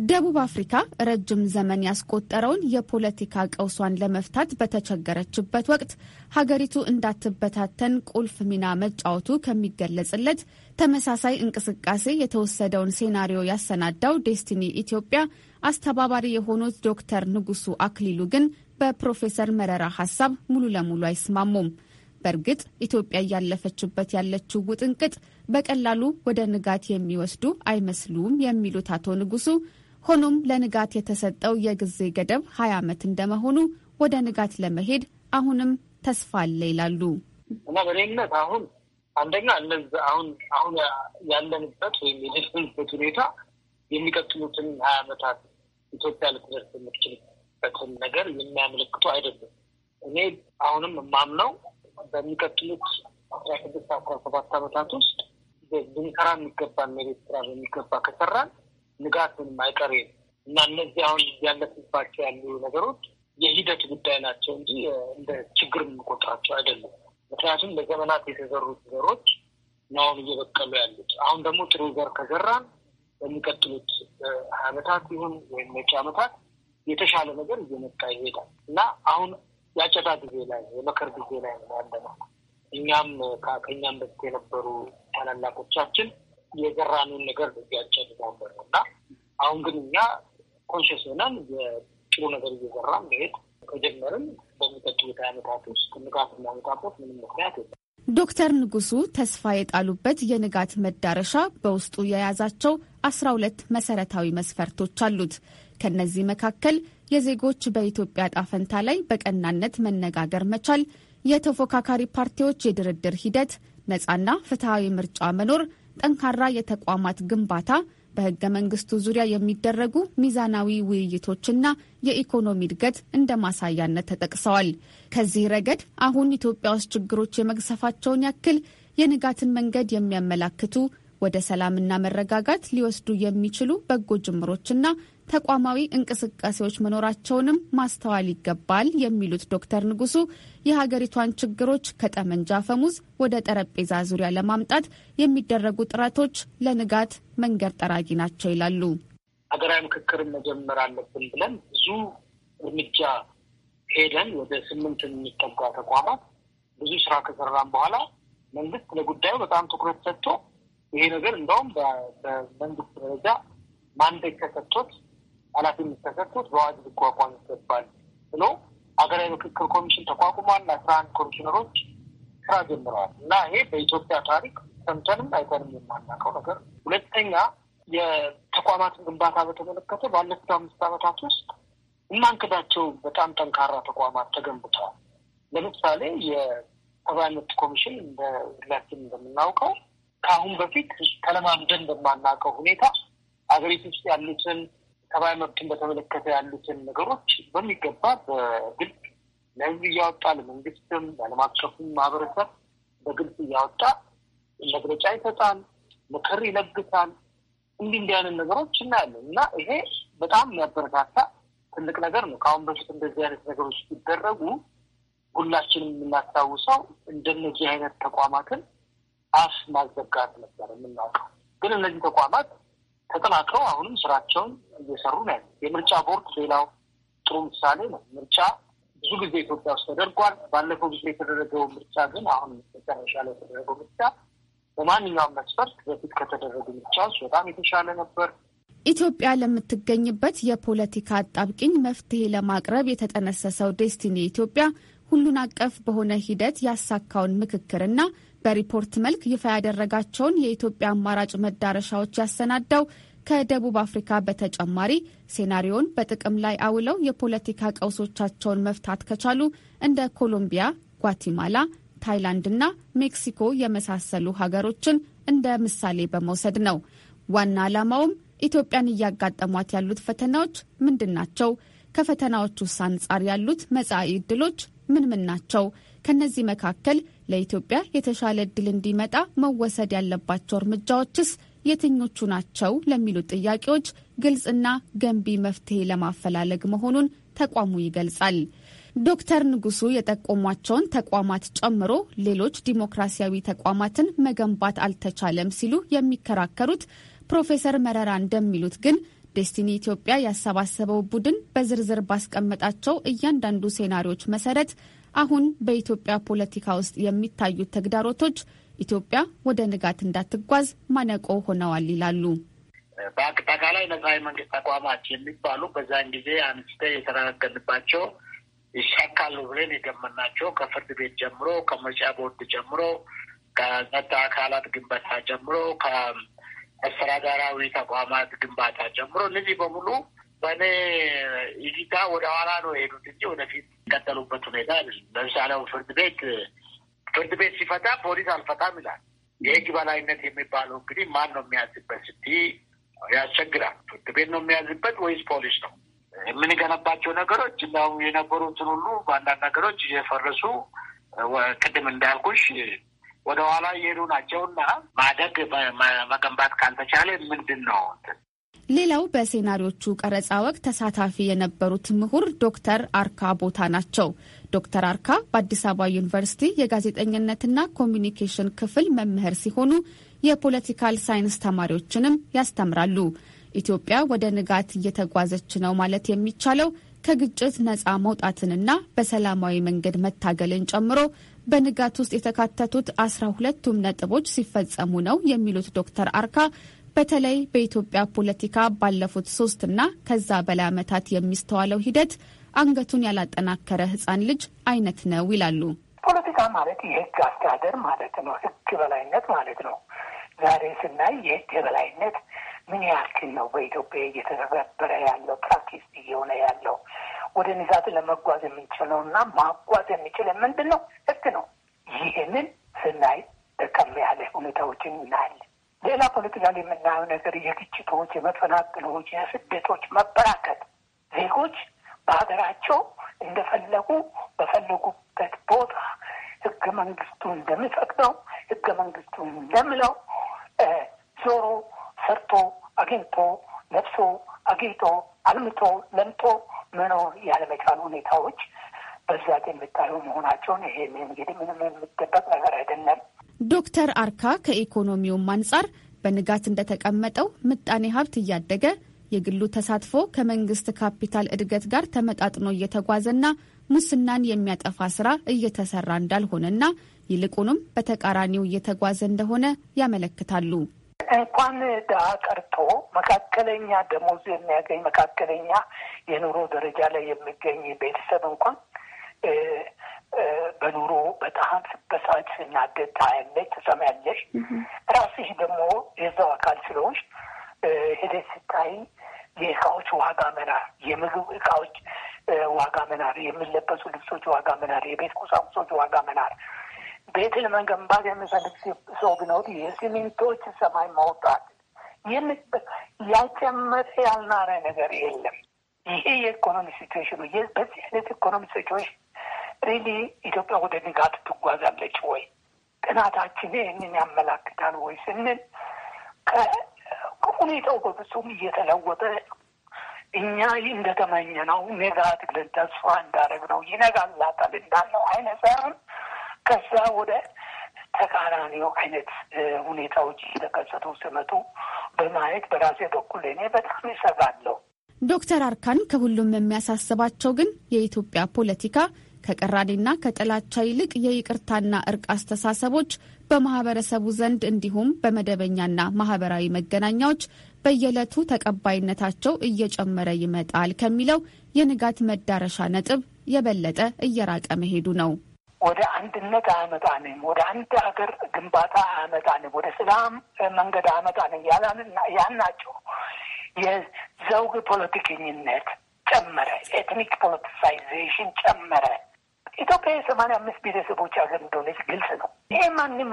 ደቡብ አፍሪካ ረጅም ዘመን ያስቆጠረውን የፖለቲካ ቀውሷን ለመፍታት በተቸገረችበት ወቅት ሀገሪቱ እንዳትበታተን ቁልፍ ሚና መጫወቱ ከሚገለጽለት ተመሳሳይ እንቅስቃሴ የተወሰደውን ሴናሪዮ ያሰናዳው ዴስቲኒ ኢትዮጵያ አስተባባሪ የሆኑት ዶክተር ንጉሱ አክሊሉ ግን በፕሮፌሰር መረራ ሀሳብ ሙሉ ለሙሉ አይስማሙም። በእርግጥ ኢትዮጵያ እያለፈችበት ያለችው ውጥንቅጥ በቀላሉ ወደ ንጋት የሚወስዱ አይመስሉም የሚሉት አቶ ንጉሱ፣ ሆኖም ለንጋት የተሰጠው የጊዜ ገደብ ሀያ ዓመት እንደመሆኑ ወደ ንጋት ለመሄድ አሁንም ተስፋ አለ ይላሉ። እና በእኔነት አሁን አንደኛ እነዚ አሁን አሁን ያለንበት ወይም የደረስንበት ሁኔታ የሚቀጥሉትን ሀያ ዓመታት ኢትዮጵያ ልትደርስ የምትችልበትን ነገር የሚያመለክቱ አይደለም። እኔ አሁንም የማምነው በሚቀጥሉት አስራ ስድስት አስራ ሰባት ዓመታት ውስጥ ብንሰራ የሚገባ መሬት ስራ በሚገባ ከሰራን ንጋትን አይቀሬ እና እነዚህ አሁን ያለፍባቸው ያሉ ነገሮች የሂደት ጉዳይ ናቸው እንጂ እንደ ችግር የምንቆጥራቸው አይደለም። ምክንያቱም ለዘመናት የተዘሩት ዘሮች አሁን እየበቀሉ ያሉት። አሁን ደግሞ ጥሩ ዘር ከዘራን በሚቀጥሉት ሀያ ዓመታት ይሁን ወይም መጪ ዓመታት የተሻለ ነገር እየመጣ ይሄዳል እና አሁን የአጨዳ ጊዜ ላይ የመከር ጊዜ ላይ ነው ያለ ነው። እኛም ከእኛም በፊት የነበሩ ታላላቆቻችን የዘራኑን ነገር ያጨዱ ነበር ነው እና አሁን ግን እኛ ኮንሽስ ሆነን የጥሩ ነገር እየዘራ መሄድ ከጀመርን በሚቀጥሉት ዓመታት ውስጥ ንጋት ማመጣበት ምንም ምክንያት የለም። ዶክተር ንጉሱ ተስፋ የጣሉበት የንጋት መዳረሻ በውስጡ የያዛቸው አስራ ሁለት መሰረታዊ መስፈርቶች አሉት። ከእነዚህ መካከል የዜጎች በኢትዮጵያ ጣፈንታ ላይ በቀናነት መነጋገር መቻል፣ የተፎካካሪ ፓርቲዎች የድርድር ሂደት፣ ነፃና ፍትሐዊ ምርጫ መኖር፣ ጠንካራ የተቋማት ግንባታ፣ በህገ መንግስቱ ዙሪያ የሚደረጉ ሚዛናዊ ውይይቶችና የኢኮኖሚ እድገት እንደ ማሳያነት ተጠቅሰዋል። ከዚህ ረገድ አሁን ኢትዮጵያ ውስጥ ችግሮች የመግሰፋቸውን ያክል የንጋትን መንገድ የሚያመላክቱ ወደ ሰላምና መረጋጋት ሊወስዱ የሚችሉ በጎ ጅምሮችና ተቋማዊ እንቅስቃሴዎች መኖራቸውንም ማስተዋል ይገባል የሚሉት ዶክተር ንጉሱ የሀገሪቷን ችግሮች ከጠመንጃ ፈሙዝ ወደ ጠረጴዛ ዙሪያ ለማምጣት የሚደረጉ ጥረቶች ለንጋት መንገድ ጠራጊ ናቸው ይላሉ። ሀገራዊ ምክክር መጀመር አለብን ብለን ብዙ እርምጃ ሄደን ወደ ስምንት የሚጠጋ ተቋማት ብዙ ስራ ከሰራን በኋላ መንግስት ለጉዳዩ በጣም ትኩረት ሰጥቶ ይሄ ነገር እንደውም በመንግስት ደረጃ ማንደግ ተሰጥቶት ኃላፊነት ተሰጥቶት በአዋጅ ሊቋቋም ይገባል ብሎ ሀገራዊ ምክክር ኮሚሽን ተቋቁሟል። አስራ አንድ ኮሚሽነሮች ስራ ጀምረዋል እና ይሄ በኢትዮጵያ ታሪክ ሰምተንም አይተንም የማናውቀው ነገር። ሁለተኛ የተቋማትን ግንባታ በተመለከተ ባለፉት አምስት ዓመታት ውስጥ የማንክዳቸው በጣም ጠንካራ ተቋማት ተገንብተዋል። ለምሳሌ የሰብአዊ መብት ኮሚሽን እንደ ሁላችን እንደምናውቀው ከአሁን በፊት ተለማምደን በማናውቀው ሁኔታ ሀገሪቱ ውስጥ ያሉትን ሰብአዊ መብትን በተመለከተ ያሉትን ነገሮች በሚገባ በግልጽ ለህዝብ እያወጣ ለመንግስትም ለዓለም አቀፉም ማህበረሰብ በግልጽ እያወጣ መግለጫ ይሰጣል፣ ምክር ይለግሳል። እንዲህ እንዲህ አይነት ነገሮች እናያለን እና ይሄ በጣም የሚያበረታታ ትልቅ ነገር ነው። ከአሁን በፊት እንደዚህ አይነት ነገሮች ሲደረጉ ሁላችንም የምናስታውሰው እንደነዚህ አይነት ተቋማትን አፍ ማዘጋት ነበር የምናውቀው። ግን እነዚህ ተቋማት ተጠናክረው አሁንም ስራቸውን እየሰሩ ነው ያለ። የምርጫ ቦርድ ሌላው ጥሩ ምሳሌ ነው። ምርጫ ብዙ ጊዜ ኢትዮጵያ ውስጥ ተደርጓል። ባለፈው ጊዜ የተደረገው ምርጫ ግን አሁን መጨረሻ ላይ የተደረገው ምርጫ በማንኛውም መስፈርት በፊት ከተደረጉ ውስጥ በጣም የተሻለ ነበር። ኢትዮጵያ ለምትገኝበት የፖለቲካ አጣብቂኝ መፍትሄ ለማቅረብ የተጠነሰሰው ዴስቲኒ ኢትዮጵያ ሁሉን አቀፍ በሆነ ሂደት ያሳካውን ምክክርና በሪፖርት መልክ ይፋ ያደረጋቸውን የኢትዮጵያ አማራጭ መዳረሻዎች ያሰናዳው ከደቡብ አፍሪካ በተጨማሪ ሴናሪዮን በጥቅም ላይ አውለው የፖለቲካ ቀውሶቻቸውን መፍታት ከቻሉ እንደ ኮሎምቢያ፣ ጓቲማላ፣ እና ሜክሲኮ የመሳሰሉ ሀገሮችን እንደ ምሳሌ በመውሰድ ነው። ዋና ዓላማውም ኢትዮጵያን እያጋጠሟት ያሉት ፈተናዎች ምንድን ናቸው? ከፈተናዎቹስ አንጻር ያሉት መጻኢ ዕድሎች ምን ምን ናቸው? ከነዚህ መካከል ለኢትዮጵያ የተሻለ እድል እንዲመጣ መወሰድ ያለባቸው እርምጃዎችስ የትኞቹ ናቸው ለሚሉ ጥያቄዎች ግልጽና ገንቢ መፍትሄ ለማፈላለግ መሆኑን ተቋሙ ይገልጻል። ዶክተር ንጉሱ የጠቆሟቸውን ተቋማት ጨምሮ ሌሎች ዲሞክራሲያዊ ተቋማትን መገንባት አልተቻለም ሲሉ የሚከራከሩት ፕሮፌሰር መረራ እንደሚሉት ግን ዴስቲኒ ኢትዮጵያ ያሰባሰበው ቡድን በዝርዝር ባስቀመጣቸው እያንዳንዱ ሴናሪዎች መሰረት አሁን በኢትዮጵያ ፖለቲካ ውስጥ የሚታዩት ተግዳሮቶች ኢትዮጵያ ወደ ንጋት እንዳትጓዝ ማነቆ ሆነዋል ይላሉ። በአጠቃላይ ነጻ የመንግስት ተቋማት የሚባሉ በዛን ጊዜ አንስተ የተረጋገንባቸው ይሻካሉ ብለን የገመናቸው ከፍርድ ቤት ጀምሮ፣ ከምርጫ ቦርድ ጀምሮ፣ ከጸጥታ አካላት ግንባታ ጀምሮ፣ ከአስተዳደራዊ ተቋማት ግንባታ ጀምሮ እነዚህ በሙሉ በእኔ እይታ ወደ ኋላ ነው የሄዱት እንጂ ወደፊት ይቀጠሉበት ሁኔታ ለምሳሌ ፍርድ ቤት ፍርድ ቤት ሲፈታ ፖሊስ አልፈታም ይላል። የህግ በላይነት የሚባለው እንግዲህ ማን ነው የሚያዝበት ስትይ ያስቸግራል። ፍርድ ቤት ነው የሚያዝበት ወይስ ፖሊስ ነው? የምንገነባቸው ነገሮች ያው የነበሩትን ሁሉ በአንዳንድ ነገሮች እየፈረሱ ቅድም እንዳልኩሽ ወደኋላ እየሄዱ ናቸው እና ማደግ መገንባት ካልተቻለ ምንድን ነው ሌላው በሴናሪዎቹ ቀረጻ ወቅት ተሳታፊ የነበሩት ምሁር ዶክተር አርካ ቦታ ናቸው። ዶክተር አርካ በአዲስ አበባ ዩኒቨርሲቲ የጋዜጠኝነትና ኮሚኒኬሽን ክፍል መምህር ሲሆኑ የፖለቲካል ሳይንስ ተማሪዎችንም ያስተምራሉ። ኢትዮጵያ ወደ ንጋት እየተጓዘች ነው ማለት የሚቻለው ከግጭት ነፃ መውጣትንና በሰላማዊ መንገድ መታገልን ጨምሮ በንጋት ውስጥ የተካተቱት አስራ ሁለቱም ነጥቦች ሲፈጸሙ ነው የሚሉት ዶክተር አርካ በተለይ በኢትዮጵያ ፖለቲካ ባለፉት ሶስትና ከዛ በላይ ዓመታት የሚስተዋለው ሂደት አንገቱን ያላጠናከረ ህፃን ልጅ አይነት ነው ይላሉ። ፖለቲካ ማለት የህግ አስተዳደር ማለት ነው። ህግ በላይነት ማለት ነው። ዛሬ ስናይ የህግ የበላይነት ምን ያክል ነው በኢትዮጵያ እየተተገበረ ያለው ፕራክቲስ እየሆነ ያለው ወደ ንዛት ለመጓዝ የምንችለው እና ማጓዝ የሚችል ምንድን ነው? ህግ ነው። ይህንን ስናይ ደከም ያለ ሁኔታዎችን እናያለን። ሌላ ፖለቲካ የምናየው ነገር የግጭቶች፣ የመፈናቅሎች፣ የስደቶች መበራከት ዜጎች በሀገራቸው እንደፈለጉ በፈለጉበት ቦታ ህገ መንግስቱ እንደሚፈቅደው ህገ መንግስቱ እንደምለው ዞሮ ሰርቶ አግኝቶ ለብሶ አግኝቶ አልምቶ ለምቶ መኖር ያለመቻሉ ሁኔታዎች በዛት የሚታዩ መሆናቸውን ይሄ እንግዲህ ምንም የሚደበቅ ነገር አይደለም። ዶክተር አርካ ከኢኮኖሚውም አንጻር በንጋት እንደተቀመጠው ምጣኔ ሀብት እያደገ የግሉ ተሳትፎ ከመንግስት ካፒታል እድገት ጋር ተመጣጥኖ እየተጓዘና ሙስናን የሚያጠፋ ስራ እየተሰራ እንዳልሆነና ይልቁንም በተቃራኒው እየተጓዘ እንደሆነ ያመለክታሉ። እንኳን ድሀ ቀርቶ መካከለኛ ደሞዝ የሚያገኝ መካከለኛ የኑሮ ደረጃ ላይ የሚገኝ ቤተሰብ እንኳን በኑሮ በጣም ስበሳጭ ስናደድ ታያለሽ፣ ትሰማያለሽ። ራስሽ ደግሞ የዛው አካል ስለሆንሽ ሄደሽ ስታይ የእቃዎች ዋጋ መናር፣ የምግብ እቃዎች ዋጋ መናር፣ የሚለበሱ ልብሶች ዋጋ መናር፣ የቤት ቁሳቁሶች ዋጋ መናር፣ ቤት ለመገንባት የምፈልግ ሰው ቢኖር የሲሚንቶች ሰማይ ማውጣት፣ ይህን ያጨመረ ያልናረ ነገር የለም። ይሄ የኢኮኖሚ ሲትዌሽን በዚህ አይነት ኢኮኖሚ ሲትዌሽን ሪሊ ኢትዮጵያ ወደ ንጋት ትጓዛለች ወይ ጥናታችን ይህንን ያመላክታል ወይ ስንል ከሁኔታው በፍጹም እየተለወጠ እኛ እንደተመኘ ነው ንጋት ብለን ተስፋ እንዳደረግ ነው ይነጋላታል እንዳለው አይነት ሳይሆን ከዛ ወደ ተቃራኒው አይነት ሁኔታዎች እየተከሰቱ ስመጡ በማየት በራሴ በኩል እኔ በጣም ይሰጋለሁ። ዶክተር አርካን ከሁሉም የሚያሳስባቸው ግን የኢትዮጵያ ፖለቲካ ከቀራኔና ከጥላቻ ይልቅ የይቅርታና እርቅ አስተሳሰቦች በማህበረሰቡ ዘንድ እንዲሁም በመደበኛና ማህበራዊ መገናኛዎች በየዕለቱ ተቀባይነታቸው እየጨመረ ይመጣል ከሚለው የንጋት መዳረሻ ነጥብ የበለጠ እየራቀ መሄዱ ነው። ወደ አንድነት አያመጣንም፣ ወደ አንድ ሀገር ግንባታ አያመጣንም፣ ወደ ሰላም መንገድ አያመጣንም ናቸው የዘውግ ፖለቲከኝነት ጨመረ፣ ኤትኒክ ፖለቲሳይዜሽን ጨመረ። ኢትዮጵያ የሰማንያ አምስት ቤተሰቦች ሀገር እንደሆነች ግልጽ ነው። ይሄ ማንም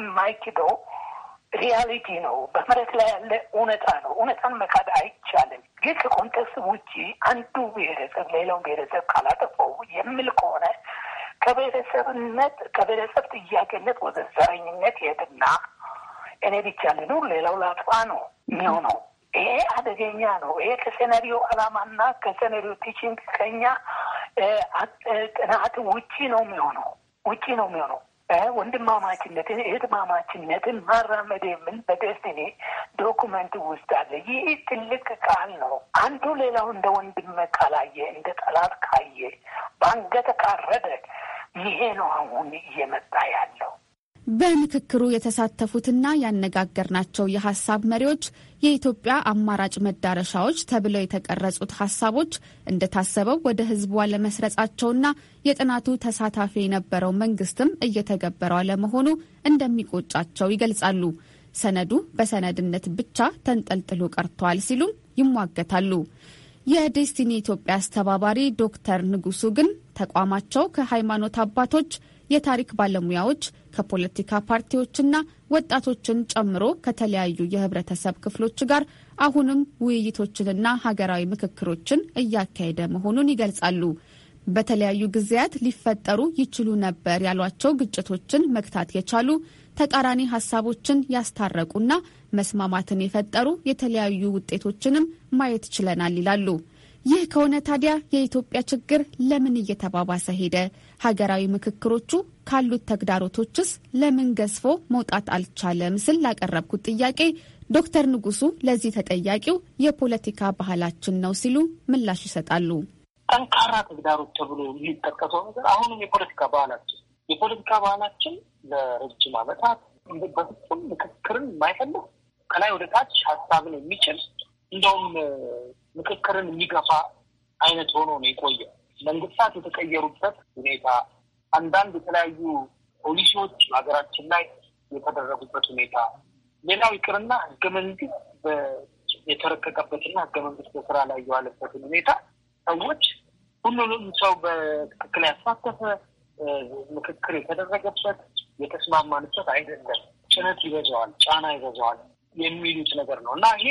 የማይክደው ሪያሊቲ ነው። በመሬት ላይ ያለ እውነታ ነው። እውነታን መካድ አይቻልም። ግን ከኮንቴክስት ውጭ አንዱ ብሔረሰብ ሌላውን ብሔረሰብ ካላጠፈው የሚል ከሆነ ከብሔረሰብነት ከብሔረሰብ ጥያቄነት ወደ ዘረኝነት ይሄድና እኔ ብቻ ልኑር ሌላው ላጥፋ ነው የሚሆነው። ይሄ አደገኛ ነው። ይሄ ከሴናሪዮ አላማና ከሴናሪዮ ቲችንግ ከኛ ጥናት ውጪ ነው የሚሆነው ውጪ ነው የሚሆነው። ወንድማማችነትን እህትማማችነትን ማራመድ የምን በደስቲኒ ዶኩመንት ውስጥ አለ። ይህ ትልቅ ቃል ነው። አንዱ ሌላው እንደ ወንድም ካላየ፣ እንደ ጠላት ካየ፣ በአንገት ካረደ፣ ይሄ ነው አሁን እየመጣ ያለው በምክክሩ የተሳተፉትና ያነጋገርናቸው የሀሳብ መሪዎች የኢትዮጵያ አማራጭ መዳረሻዎች ተብለው የተቀረጹት ሀሳቦች እንደታሰበው ወደ ህዝቡ አለመስረጻቸውና የጥናቱ ተሳታፊ የነበረው መንግስትም እየተገበረ አለመሆኑ እንደሚቆጫቸው ይገልጻሉ። ሰነዱ በሰነድነት ብቻ ተንጠልጥሎ ቀርቷል ሲሉም ይሟገታሉ። የዴስቲኒ ኢትዮጵያ አስተባባሪ ዶክተር ንጉሱ ግን ተቋማቸው ከሃይማኖት አባቶች የታሪክ ባለሙያዎች ከፖለቲካ ፓርቲዎችና ወጣቶችን ጨምሮ ከተለያዩ የህብረተሰብ ክፍሎች ጋር አሁንም ውይይቶችንና ሀገራዊ ምክክሮችን እያካሄደ መሆኑን ይገልጻሉ። በተለያዩ ጊዜያት ሊፈጠሩ ይችሉ ነበር ያሏቸው ግጭቶችን መግታት የቻሉ ተቃራኒ ሀሳቦችን ያስታረቁና መስማማትን የፈጠሩ የተለያዩ ውጤቶችንም ማየት ችለናል ይላሉ። ይህ ከሆነ ታዲያ የኢትዮጵያ ችግር ለምን እየተባባሰ ሄደ? ሀገራዊ ምክክሮቹ ካሉት ተግዳሮቶችስ ለምን ገዝፎ መውጣት አልቻለም? ስል ላቀረብኩት ጥያቄ ዶክተር ንጉሱ ለዚህ ተጠያቂው የፖለቲካ ባህላችን ነው ሲሉ ምላሽ ይሰጣሉ። ጠንካራ ተግዳሮት ተብሎ የሚጠቀሰው ነገር አሁንም የፖለቲካ ባህላችን የፖለቲካ ባህላችን ለረጅም ዓመታት በፍጹም ምክክርን የማይፈልግ ከላይ ወደ ታች ሀሳብን የሚችል እንደውም ምክክርን የሚገፋ አይነት ሆኖ ነው የቆየ። መንግስታት የተቀየሩበት ሁኔታ አንዳንድ የተለያዩ ፖሊሲዎች ሀገራችን ላይ የተደረጉበት ሁኔታ፣ ሌላው ይቅርና ህገ መንግስት የተረቀቀበትና ህገ መንግስት በስራ ላይ የዋለበትን ሁኔታ ሰዎች ሁሉንም ሰው በትክክል ያሳተፈ ምክክር የተደረገበት የተስማማንበት አይደለም፣ ጭነት ይበዛዋል፣ ጫና ይበዛዋል የሚሉት ነገር ነው እና ይሄ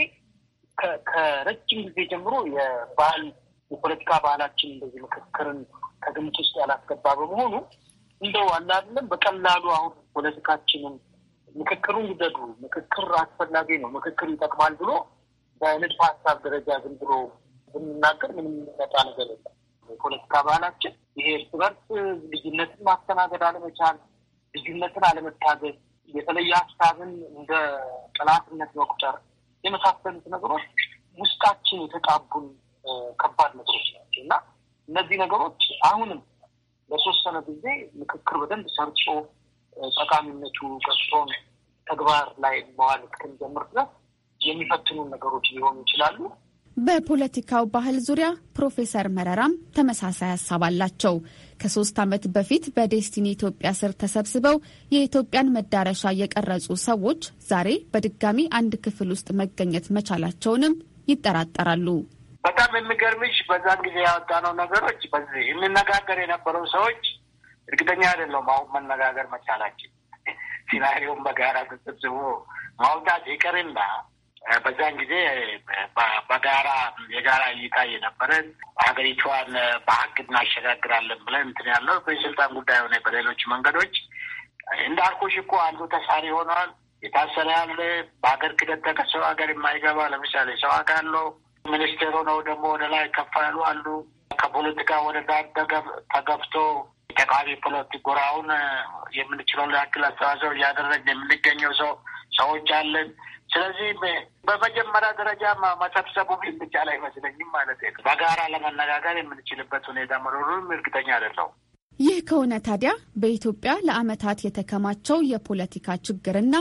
ከረጅም ጊዜ ጀምሮ የባህል የፖለቲካ ባህላችን እንደዚህ ምክክርን ከግምት ውስጥ ያላስገባ በመሆኑ እንደው አላለም በቀላሉ አሁን ፖለቲካችንን ምክክሩን ይደዱ ምክክር አስፈላጊ ነው፣ ምክክር ይጠቅማል ብሎ በንድፈ ሀሳብ ደረጃ ዝም ብሎ ብንናገር ምንም የሚመጣ ነገር የለም። የፖለቲካ ባህላችን ይሄ እርስ በርስ ልዩነትን ማስተናገድ አለመቻል፣ ልዩነትን አለመታገዝ፣ የተለየ ሀሳብን እንደ ጥላትነት መቁጠር የመሳሰሉት ነገሮች ውስጣችን የተጣቡን ከባድ ነገሮች ናቸው እና እነዚህ ነገሮች አሁንም ለተወሰነ ጊዜ ምክክር በደንብ ሰርጾ ጠቃሚነቱ ቀሶን ተግባር ላይ መዋል እስክንጀምር ድረስ የሚፈትኑን ነገሮች ሊሆኑ ይችላሉ። በፖለቲካው ባህል ዙሪያ ፕሮፌሰር መረራም ተመሳሳይ ሀሳብ አላቸው። ከሶስት ዓመት በፊት በዴስቲኒ ኢትዮጵያ ስር ተሰብስበው የኢትዮጵያን መዳረሻ የቀረጹ ሰዎች ዛሬ በድጋሚ አንድ ክፍል ውስጥ መገኘት መቻላቸውንም ይጠራጠራሉ። በጣም የሚገርምሽ በዛን ጊዜ ያወጣነው ነገሮች በዚህ የምነጋገር የነበረው ሰዎች እርግጠኛ አይደለሁም አሁን መነጋገር መቻላችን ሲናሪውን በጋራ ተሰብስቦ ማውጣት ይቅርና በዛን ጊዜ በጋራ የጋራ እይታ የነበረን ሀገሪቷን በሀቅ እናሸጋግራለን ብለን እንትን ያለው በስልጣን ጉዳይ ሆነ በሌሎች መንገዶች እንዳልኩሽ እኮ አንዱ ተሳሪ ሆኗል። የታሰረ ያለ በሀገር ክደት ተከሰው ሀገር የማይገባ ለምሳሌ ሰው አውቃለሁ። ሚኒስቴር ሆነው ደግሞ ወደ ላይ ከፍ ያሉ አሉ። ከፖለቲካ ወደ ዳር ተገብቶ ተቃዋሚ ፖለቲክ ጎራውን የምንችለው ያክል አስተዋጽኦ እያደረግን የምንገኘው ሰው ሰዎች አለን። ስለዚህ በመጀመሪያ ደረጃ መሰብሰቡ የሚቻል አይመስለኝም ማለት ነው። በጋራ ለመነጋገር የምንችልበት ሁኔታ መኖሩንም እርግጠኛ አይደለሁም። ይህ ከሆነ ታዲያ በኢትዮጵያ ለዓመታት የተከማቸው የፖለቲካ ችግርና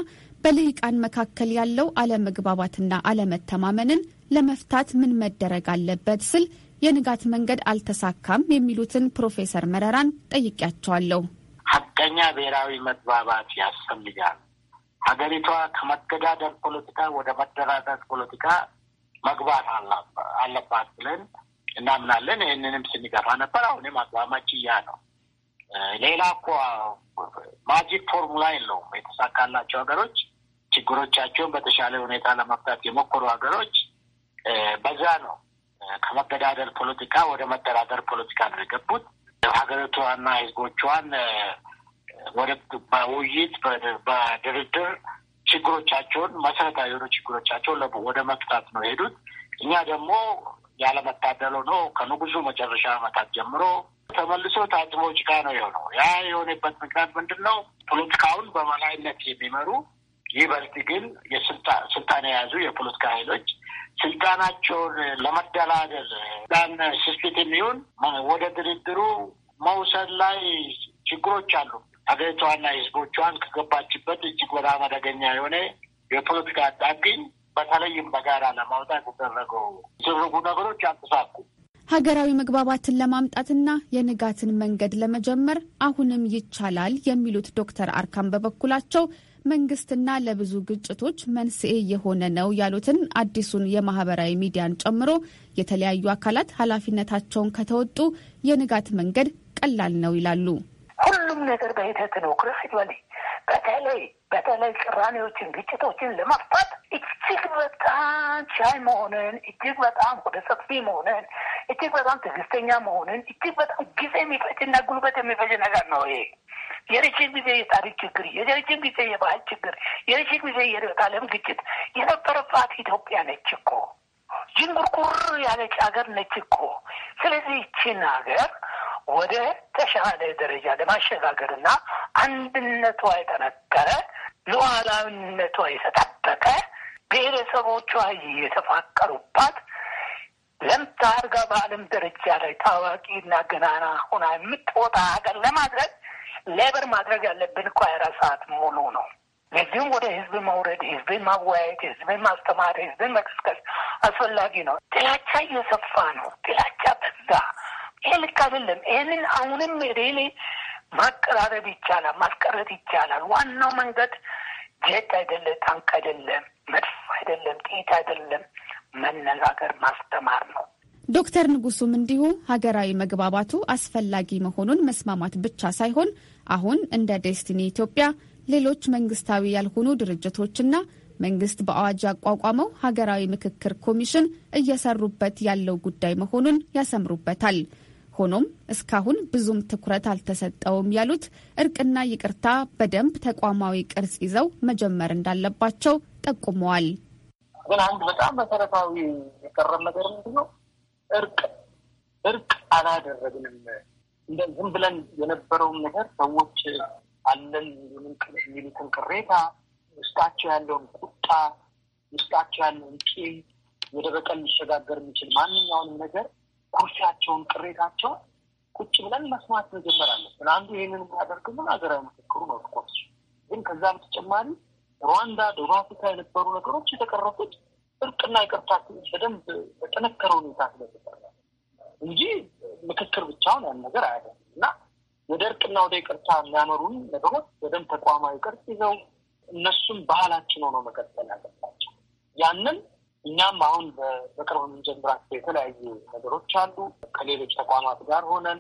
በልሂቃን መካከል ያለው አለመግባባትና አለመተማመንን ለመፍታት ምን መደረግ አለበት ስል የንጋት መንገድ አልተሳካም የሚሉትን ፕሮፌሰር መረራን ጠይቄያቸዋለሁ። ሀቀኛ ብሔራዊ መግባባት ያስፈልጋል። ሀገሪቷ ከመገዳደር ፖለቲካ ወደ መደራደር ፖለቲካ መግባት አለባት ብለን እናምናለን። ይህንንም ስንገፋ ነበር። አሁንም አቋማችን ያ ነው። ሌላ እኮ ማጂክ ፎርሙላ የለውም። የተሳካላቸው ሀገሮች ችግሮቻቸውን በተሻለ ሁኔታ ለመፍታት የሞከሩ ሀገሮች በዛ ነው ከመገዳደር ፖለቲካ ወደ መደራደር ፖለቲካ ነው የገቡት። ሀገሪቷና ህዝቦቿን። ወደ በውይይት በድርድር ችግሮቻቸውን መሰረታዊ የሆኑ ችግሮቻቸውን ወደ መፍታት ነው የሄዱት። እኛ ደግሞ ያለመታደለው ነው ከንጉሱ መጨረሻ ዓመታት ጀምሮ ተመልሶ ታጥቦ ጭቃ ነው የሆነው። ያ የሆነበት ምክንያት ምንድን ነው? ፖለቲካውን በመላይነት የሚመሩ ይበልጥ ግን ስልጣን የያዙ የፖለቲካ ኃይሎች ስልጣናቸውን ለመደላደል ስልጣን ስስት የሚሆን ወደ ድርድሩ መውሰድ ላይ ችግሮች አሉ። ሀገሪቷና ህዝቦቿን ከገባችበት እጅግ በጣም አደገኛ የሆነ የፖለቲካ አጣብቂኝ በተለይም በጋራ ለማውጣት የተደረገው የተደረጉ ነገሮች አልተሳኩ። ሀገራዊ መግባባትን ለማምጣትና የንጋትን መንገድ ለመጀመር አሁንም ይቻላል የሚሉት ዶክተር አርካም በበኩላቸው መንግስትና ለብዙ ግጭቶች መንስኤ የሆነ ነው ያሉትን አዲሱን የማህበራዊ ሚዲያን ጨምሮ የተለያዩ አካላት ኃላፊነታቸውን ከተወጡ የንጋት መንገድ ቀላል ነው ይላሉ። ሁሉም ነገር በሂደት ነው። ክረፊት በተለይ በተለይ ቅራኔዎችን፣ ግጭቶችን ለመፍታት እጅግ በጣም ቻይ መሆንን፣ እጅግ በጣም ወደ ሰፊ መሆንን፣ እጅግ በጣም ትዕግስተኛ መሆንን፣ እጅግ በጣም ጊዜ የሚፈጅና ጉልበት የሚፈጅ ነገር ነው ይሄ የረጅም ጊዜ የታሪክ ችግር፣ የረጅም ጊዜ የባህል ችግር፣ የረጅም ጊዜ የርዕዮተ ዓለም ግጭት የነበረባት ኢትዮጵያ ነች እኮ ጅንጉርጉር ያለች ሀገር ነች እኮ። ስለዚህ ይችን ሀገር ወደ ተሻለ ደረጃ ለማሸጋገርና አንድነቷ የጠነከረ ሉዓላዊነቷ የተጠበቀ ብሔረሰቦቿ የተፋቀሩባት ለምታ አድርጋ በዓለም ደረጃ ላይ ታዋቂና ገናና ሆና የምትወጣ ሀገር ለማድረግ ሌበር ማድረግ ያለብን እኮ አራት ሰዓት ሙሉ ነው። ለዚህም ወደ ህዝብ መውረድ፣ ህዝብን ማወያየት፣ ህዝብን ማስተማር፣ ህዝብን መቀስቀስ አስፈላጊ ነው። ጥላቻ እየሰፋ ነው። ጥላቻ በዛ። ይሄ ልክ አይደለም። ይህንን አሁንም ሬሌ ማቀራረብ ይቻላል፣ ማስቀረት ይቻላል። ዋናው መንገድ ጀት አይደለም፣ ታንክ አይደለም፣ መድፍ አይደለም፣ ጤት አይደለም፣ መነጋገር ማስተማር ነው። ዶክተር ንጉሱም እንዲሁ ሀገራዊ መግባባቱ አስፈላጊ መሆኑን መስማማት ብቻ ሳይሆን አሁን እንደ ዴስቲኒ ኢትዮጵያ ሌሎች መንግስታዊ ያልሆኑ ድርጅቶችና መንግስት በአዋጅ ያቋቋመው ሀገራዊ ምክክር ኮሚሽን እየሰሩበት ያለው ጉዳይ መሆኑን ያሰምሩበታል። ሆኖም እስካሁን ብዙም ትኩረት አልተሰጠውም ያሉት እርቅና ይቅርታ በደንብ ተቋማዊ ቅርጽ ይዘው መጀመር እንዳለባቸው ጠቁመዋል። ግን አንድ በጣም መሰረታዊ የቀረብ ነገር ምንድነው? እርቅ እርቅ አላደረግንም። ዝም ብለን የነበረውን ነገር ሰዎች አለን የሚሉትን ቅሬታ፣ ውስጣቸው ያለውን ቁጣ፣ ውስጣቸው ያለውን ቂም ወደ በቀል ሊሸጋገር የሚችል ማንኛውንም ነገር ኩርቻቸውን፣ ቅሬታቸውን ቁጭ ብለን መስማት መጀመር አንዱ ይህንን ምን ሀገራዊ ምክክሩ ነው። ኦፍኮርስ ግን ከዛ በተጨማሪ ሩዋንዳ፣ ደቡብ አፍሪካ የነበሩ ነገሮች የተቀረፉት እርቅና ይቅርታ በደንብ በጠነከረ ሁኔታ ስለተሰራ እንጂ ምክክር ብቻውን ያን ነገር አያደርም እና ወደ እርቅና ወደ ይቅርታ የሚያመሩን ነገሮች በደንብ ተቋማዊ ቅርጽ ይዘው እነሱም ባህላችን ሆነው መቀጠል ያለባቸው ያንን እኛም አሁን በቅርብ የምንጀምራቸው የተለያዩ ነገሮች አሉ። ከሌሎች ተቋማት ጋር ሆነን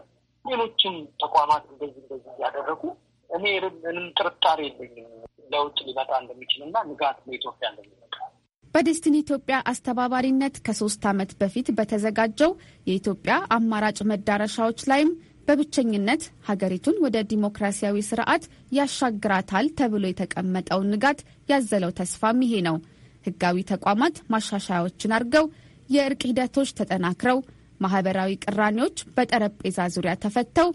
ሌሎችም ተቋማት እንደዚህ እንደዚህ እያደረጉ እኔ ምንም ጥርጣሬ የለኝም ለውጥ ሊመጣ እንደሚችልና ንጋት ለኢትዮጵያ እንደሚመጣ በዴስቲኒ ኢትዮጵያ አስተባባሪነት ከሶስት ዓመት በፊት በተዘጋጀው የኢትዮጵያ አማራጭ መዳረሻዎች ላይም በብቸኝነት ሀገሪቱን ወደ ዲሞክራሲያዊ ስርዓት ያሻግራታል ተብሎ የተቀመጠውን ንጋት ያዘለው ተስፋም ይሄ ነው። ህጋዊ ተቋማት ማሻሻያዎችን አድርገው የእርቅ ሂደቶች ተጠናክረው ማህበራዊ ቅራኔዎች በጠረጴዛ ዙሪያ ተፈተው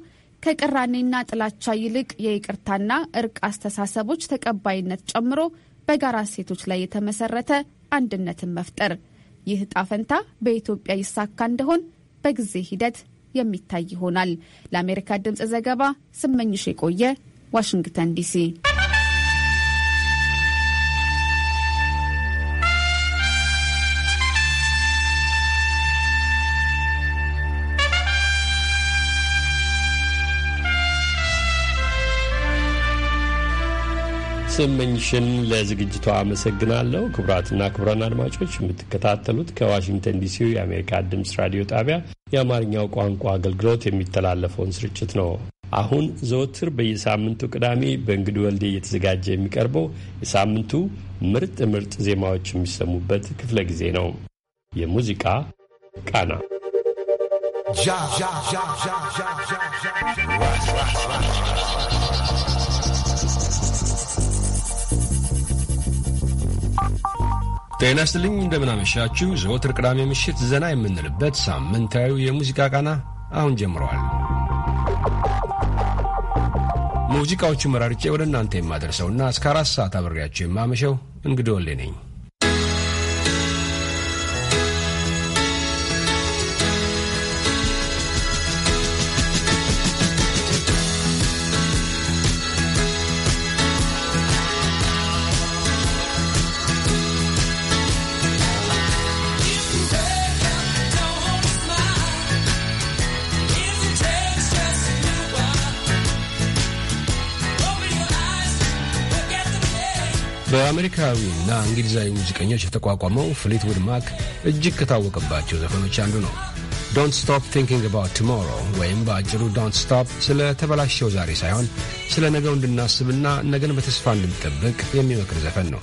ከቅራኔና ጥላቻ ይልቅ የይቅርታና እርቅ አስተሳሰቦች ተቀባይነት ጨምሮ በጋራ ሴቶች ላይ የተመሰረተ አንድነትን መፍጠር ይህ እጣ ፈንታ በኢትዮጵያ ይሳካ እንደሆን በጊዜ ሂደት የሚታይ ይሆናል። ለአሜሪካ ድምፅ ዘገባ ስመኝሽ የቆየ ዋሽንግተን ዲሲ። ስመኝሽን ለዝግጅቷ አመሰግናለሁ። ክቡራትና ክቡራን አድማጮች የምትከታተሉት ከዋሽንግተን ዲሲ የአሜሪካ ድምፅ ራዲዮ ጣቢያ የአማርኛው ቋንቋ አገልግሎት የሚተላለፈውን ስርጭት ነው። አሁን ዘወትር በየሳምንቱ ቅዳሜ በእንግዱ ወልዴ እየተዘጋጀ የሚቀርበው የሳምንቱ ምርጥ ምርጥ ዜማዎች የሚሰሙበት ክፍለ ጊዜ ነው። የሙዚቃ ቃና ጃ ጤና ይስጥልኝ እንደምናመሻችሁ። ዘወትር ቅዳሜ ምሽት ዘና የምንልበት ሳምንታዊ የሙዚቃ ቃና አሁን ጀምረዋል። ሙዚቃዎቹ መራርጬ ወደ እናንተ የማደርሰውና እስከ አራት ሰዓት አብሬያቸው የማመሸው እንግዲህ ወሌ ነኝ። በአሜሪካዊና እንግሊዛዊ ሙዚቀኞች የተቋቋመው ፍሊትውድ ማክ እጅግ ከታወቀባቸው ዘፈኖች አንዱ ነው። ዶንት ስቶፕ ቲንኪንግ አባውት ቱሞሮ ወይም በአጭሩ ዶንት ስቶፕ ስለ ተበላሸው ዛሬ ሳይሆን ስለ ነገው እንድናስብና ነገን በተስፋ እንድንጠብቅ የሚመክር ዘፈን ነው።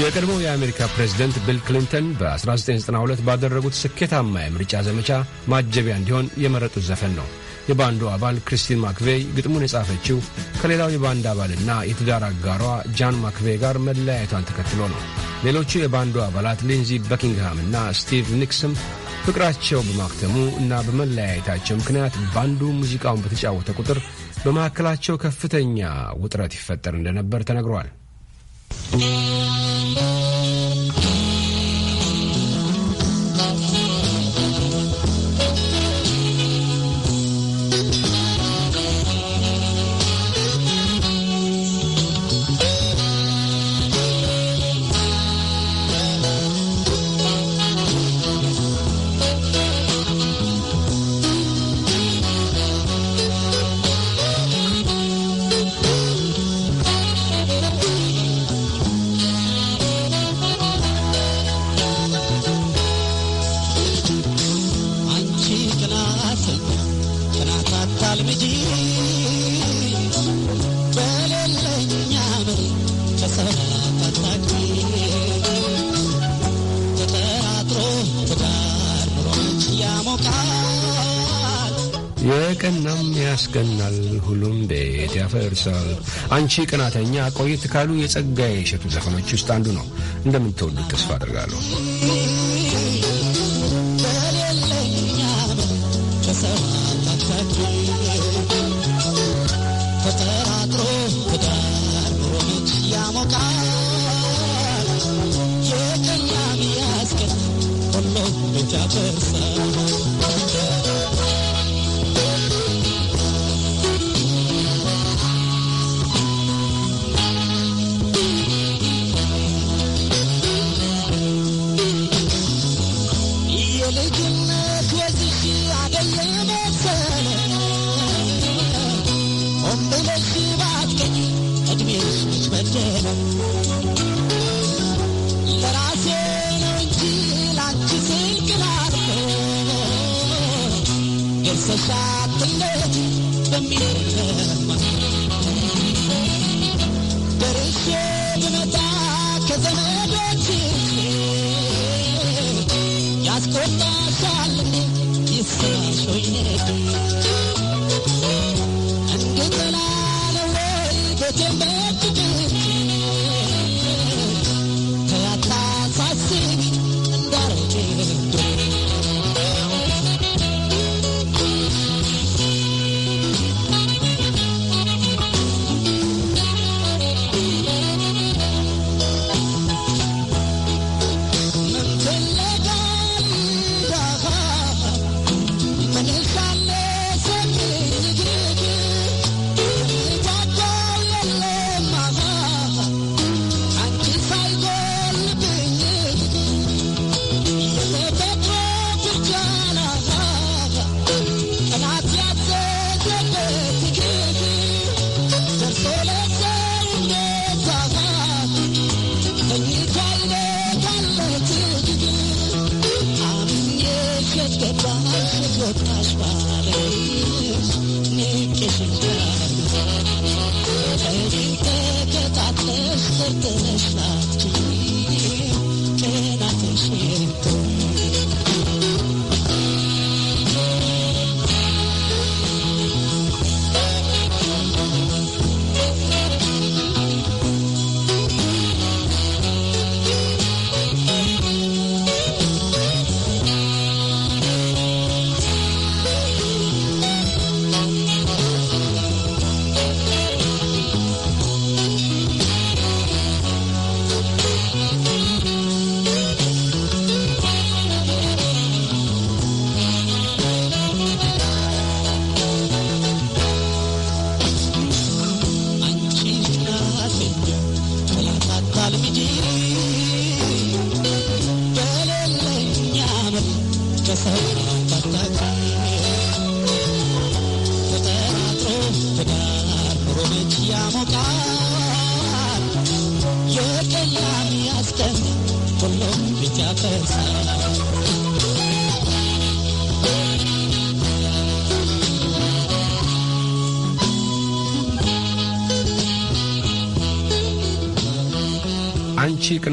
የቀድሞው የአሜሪካ ፕሬዚደንት ቢል ክሊንተን በ1992 ባደረጉት ስኬታማ የምርጫ ዘመቻ ማጀቢያ እንዲሆን የመረጡት ዘፈን ነው። የባንዱ አባል ክሪስቲን ማክቬይ ግጥሙን የጻፈችው ከሌላው የባንድ አባልና የትዳር አጋሯ ጃን ማክቬይ ጋር መለያየቷን ተከትሎ ነው። ሌሎቹ የባንዱ አባላት ሊንዚ በኪንግሃም እና ስቲቭ ኒክስም ፍቅራቸው በማክተሙ እና በመለያየታቸው ምክንያት ባንዱ ሙዚቃውን በተጫወተ ቁጥር በመካከላቸው ከፍተኛ ውጥረት ይፈጠር እንደነበር ተነግሯል። Thank you. ሁሉም ቤት ያፈርሳል። አንቺ ቅናተኛ ቆየት ካሉ የጸጋዬ እሸቱ ዘፈኖች ውስጥ አንዱ ነው። እንደምትወዱት ተስፋ አድርጋለሁ።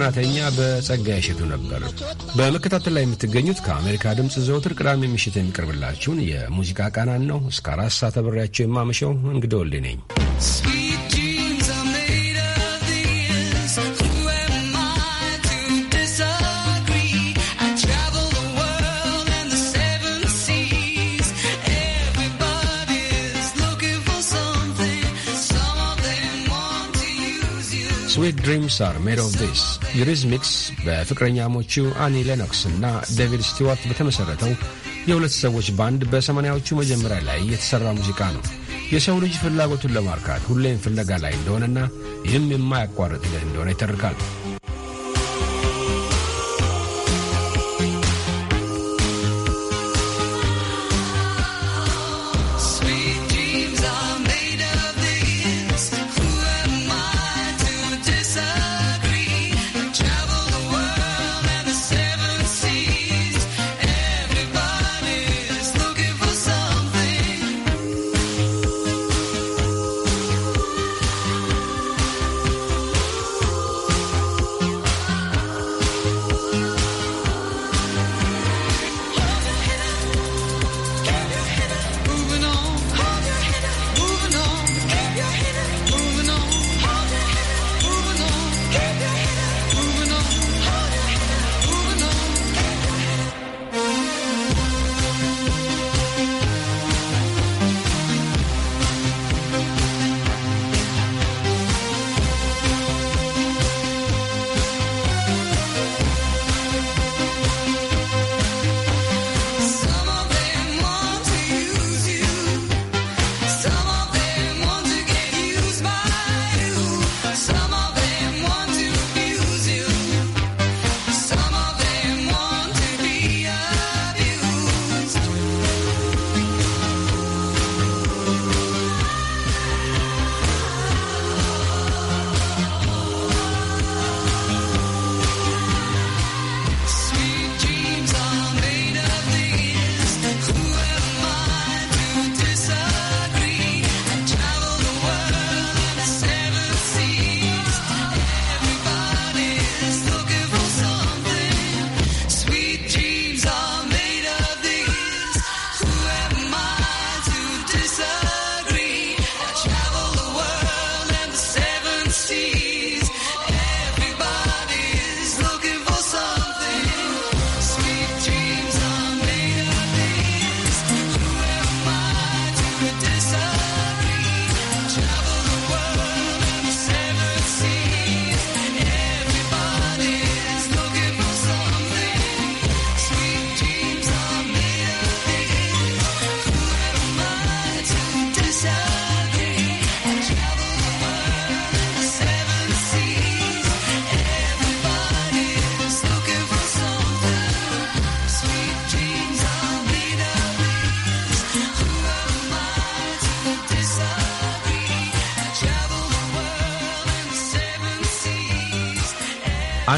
ጥናተኛ በጸጋ ይሸቱ ነበር። በመከታተል ላይ የምትገኙት ከአሜሪካ ድምፅ ዘውትር ቅዳሜ ምሽት የሚቀርብላችሁን የሙዚቃ ቃናን ነው። እስከ አራት ሰዓት አብሬያቸው የማመሸው እንግዳ ወልዴ ነኝ። ድሪምስ አር ሜድ ኦፍ ዲስ የሪዝሚክስ በፍቅረኛሞቹ አኒ ሌኖክስ እና ዴቪድ ስቲዋርት በተመሠረተው የሁለት ሰዎች ባንድ በሰማንያዎቹ መጀመሪያ ላይ የተሠራ ሙዚቃ ነው። የሰው ልጅ ፍላጎቱን ለማርካት ሁሌም ፍለጋ ላይ እንደሆነና ይህም የማያቋርጥ እንደሆነ ይተርካል።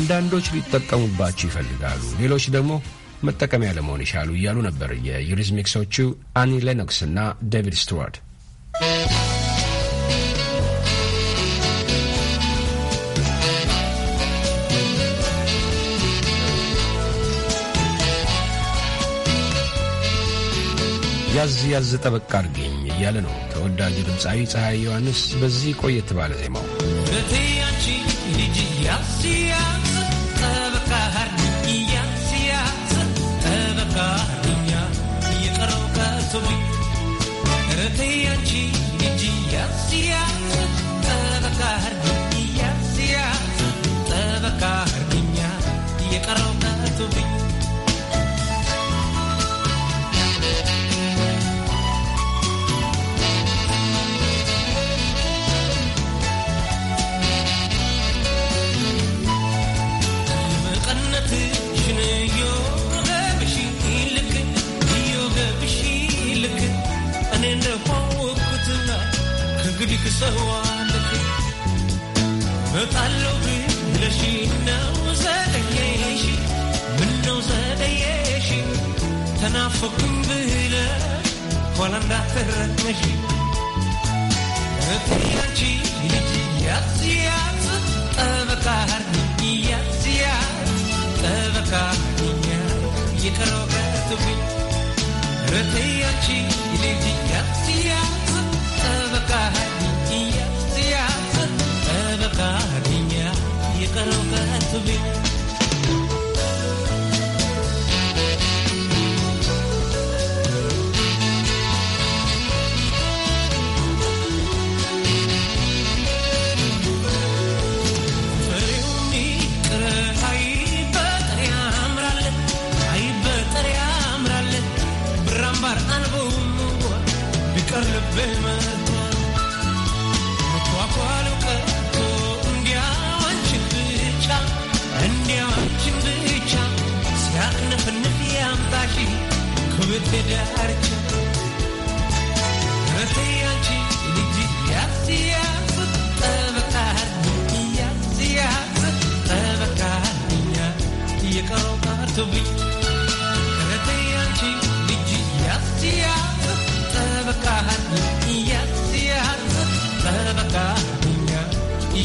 አንዳንዶች ሊጠቀሙባቸው ይፈልጋሉ፣ ሌሎች ደግሞ መጠቀሚያ ለመሆን ይሻሉ እያሉ ነበር የዩሪዝሚክሶቹ አኒ ሌኖክስ እና ዴቪድ ስቱዋርድ። ያዝ ያዝ ጠበቅ አድርገኝ እያለ ነው ተወዳጁ ድምፃዊ ፀሐይ ዮሐንስ በዚህ ቆየት ባለ ዜማው cantar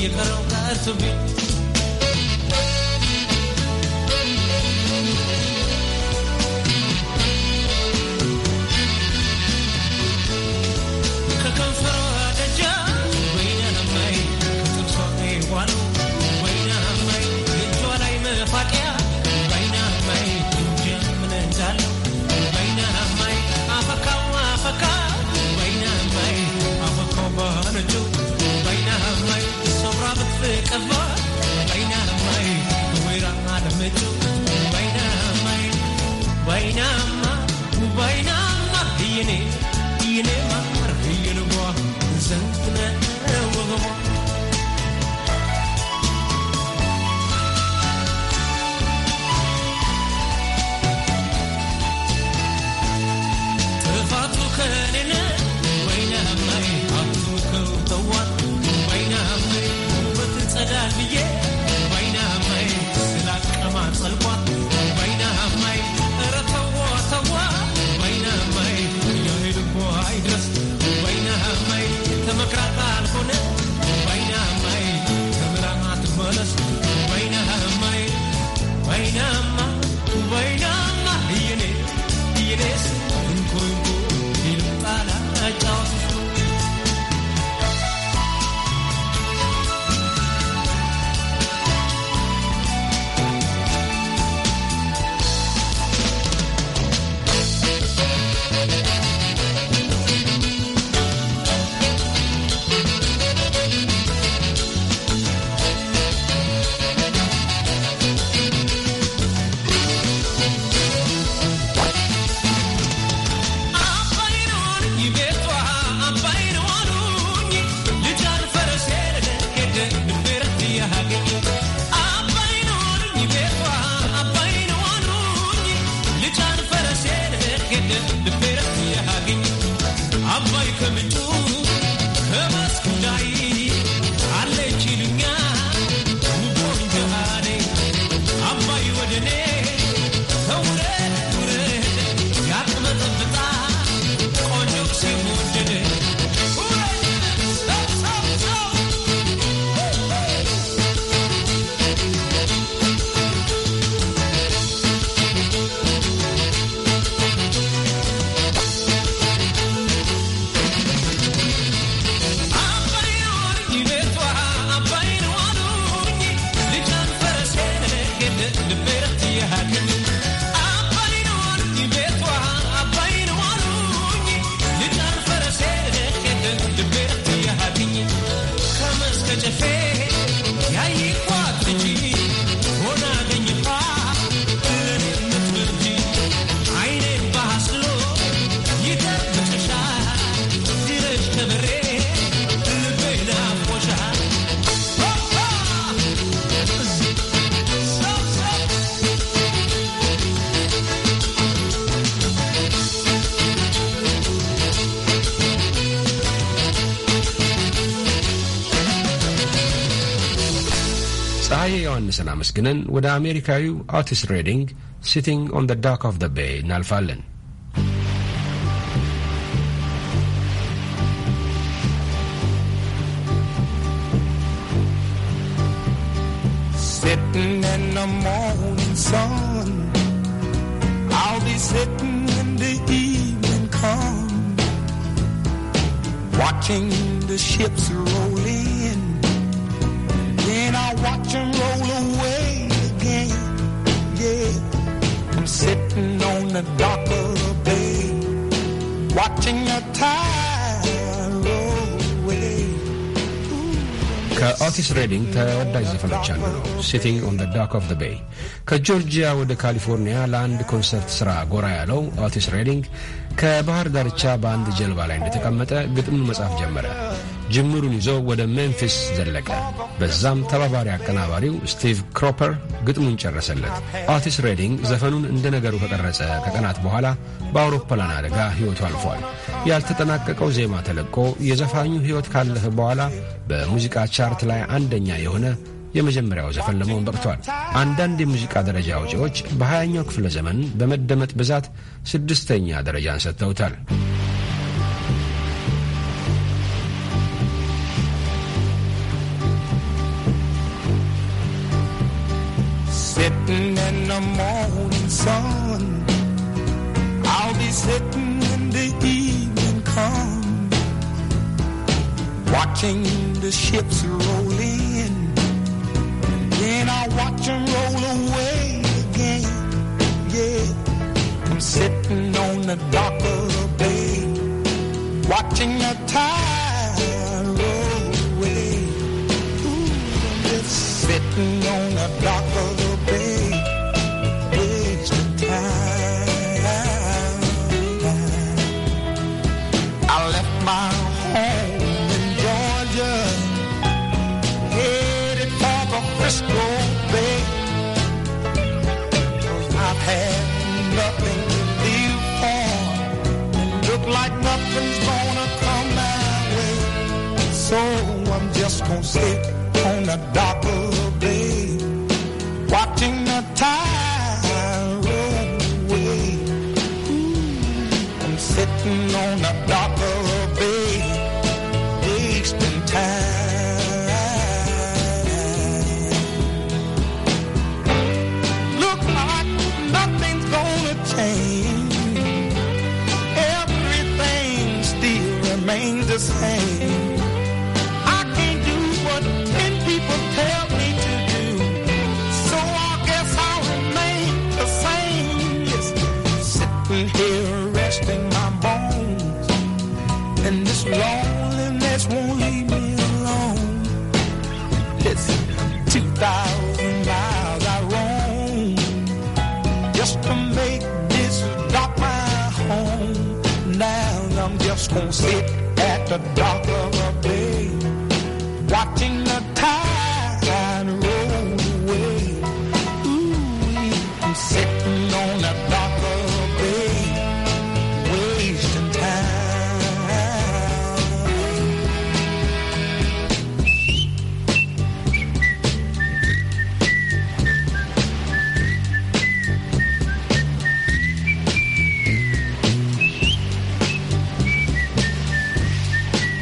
you better learn to me. Yine man marhiyen boa zan አመስግነን ወደ አሜሪካዊው አቲስ ሬዲንግ ሲቲንግ ኦን ደ ዳክ ኦፍ ደ ቤይ እናልፋለን። Sitting in the morning sun, I'll be sitting when the evening comes, watching the ships roll in. Then I watch them roll away. day. I'm sitting on the dock of the bay, watching the tide roll away. ከኦቲስ ሬዲንግ ተወዳጅ ዘፈኖች አንዱ ነው ሲቲንግ ኦን ደ ዳክ ኦፍ ደ ቤይ። ከጆርጂያ ወደ ካሊፎርኒያ ለአንድ ኮንሰርት ሥራ ጎራ ያለው ኦቲስ ሬዲንግ ከባህር ዳርቻ በአንድ ጀልባ ላይ እንደተቀመጠ ግጥም መጻፍ ጀመረ። ጅምሩን ይዞ ወደ ሜምፊስ ዘለቀ። በዛም ተባባሪ አቀናባሪው ስቲቭ ክሮፐር ግጥሙን ጨረሰለት። ኦቲስ ሬዲንግ ዘፈኑን እንደ ነገሩ ከቀረጸ ከቀናት በኋላ በአውሮፕላን አደጋ ሕይወቱ አልፏል። ያልተጠናቀቀው ዜማ ተለቆ የዘፋኙ ሕይወት ካለፈ በኋላ በሙዚቃ ቻርት ላይ አንደኛ የሆነ የመጀመሪያው ዘፈን ለመሆን በቅቷል። አንዳንድ የሙዚቃ ደረጃ አውጪዎች በ20ኛው ክፍለ ዘመን በመደመጥ ብዛት ስድስተኛ ደረጃን ሰጥተውታል። sitting in the morning sun. I'll be sitting when the evening comes, watching the ships roll in. then I'll watch them roll away again. Yeah, I'm sitting on the dock of the bay, watching the tide roll away. Ooh, I'm just sitting on the dock of the just gonna sit on the dock of the bay, watching the tide run away. I'm sitting on the dock of the bay, wasting time. Look like nothing's gonna change. Everything still remains the same can sit at the dock of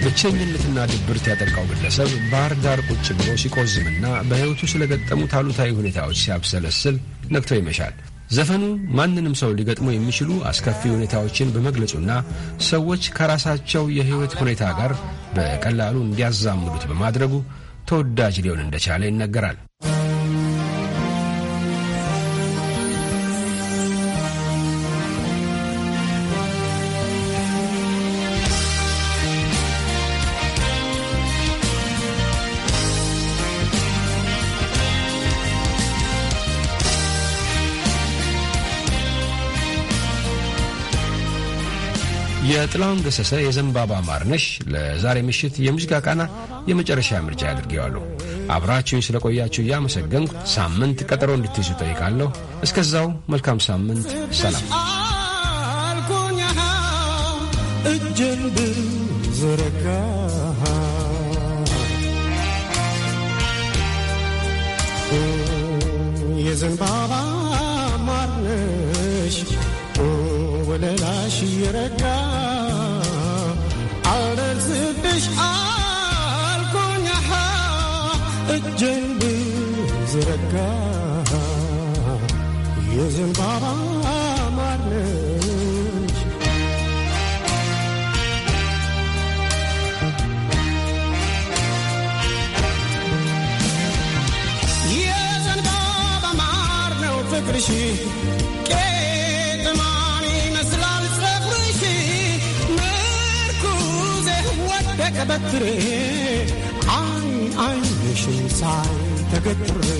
ብቸኝነትና ድብርት ያጠቃው ግለሰብ ባህር ዳር ቁጭ ብሎ ሲቆዝምና በሕይወቱ ስለገጠሙት አሉታዊ ሁኔታዎች ሲያብሰለስል ነግቶ ይመሻል። ዘፈኑ ማንንም ሰው ሊገጥሙ የሚችሉ አስከፊ ሁኔታዎችን በመግለጹና ሰዎች ከራሳቸው የሕይወት ሁኔታ ጋር በቀላሉ እንዲያዛምዱት በማድረጉ ተወዳጅ ሊሆን እንደቻለ ይነገራል። የጥላውን ገሰሰ የዘንባባ ማርነሽ ለዛሬ ምሽት የሙዚቃ ቃና የመጨረሻ ምርጫ ያድርጌዋለሁ። አብራችሁኝ ስለቆያችሁ እያመሰገንኩ ሳምንት ቀጠሮ እንድትይዙ ጠይቃለሁ። እስከዛው መልካም ሳምንት፣ ሰላም። እጅን ብዘረጋ የዘንባባ ማርነሽ ወለላሽ ይረጋ ልሽ አልኩኝ እጄን ብዘረጋ የዘንባባ ማርነች የዘንባባ ማር ፍቅርሽ ተገትሬ አይ አይንሽን ሳይ ተገትሬ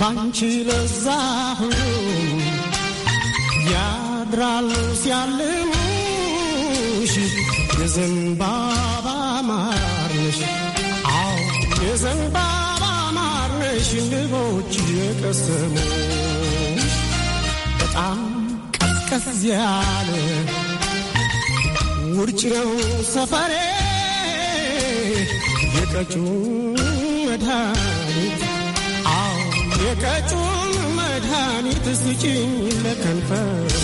ባንቺ ለዛ ሁሉ ያድራል ሲያልሙሽ የዘንባባ ማርነሽ አዎ የዘንባ ሽንቦች የቀሰሙ በጣም ቀዝቀዝ ያለ ውርጭ ነው ሰፈሬ የቀጩ መድኃኒት አዎ የቀጩን መድኃኒት ስጪኝ ለከንፈር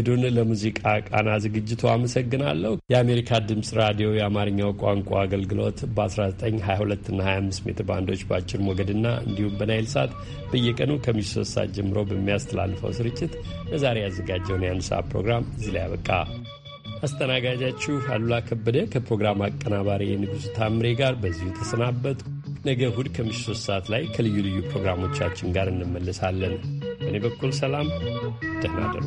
እንግዱን ለሙዚቃ ቃና ዝግጅቱ አመሰግናለሁ። የአሜሪካ ድምፅ ራዲዮ የአማርኛው ቋንቋ አገልግሎት በ1922 እና 25 ሜትር ባንዶች በአጭር ሞገድና እንዲሁም በናይል ሳት በየቀኑ ከምሽቱ ሶስት ሰዓት ጀምሮ በሚያስተላልፈው ስርጭት ለዛሬ ያዘጋጀውን የአንድ ሰዓት ፕሮግራም እዚህ ላይ ያበቃ። አስተናጋጃችሁ አሉላ ከበደ ከፕሮግራም አቀናባሪ የንጉሥ ታምሬ ጋር በዚሁ ተሰናበት። ነገ እሁድ ከምሽቱ ሶስት ሰዓት ላይ ከልዩ ልዩ ፕሮግራሞቻችን ጋር እንመለሳለን። በእኔ በኩል ሰላም፣ ደህና ደሩ።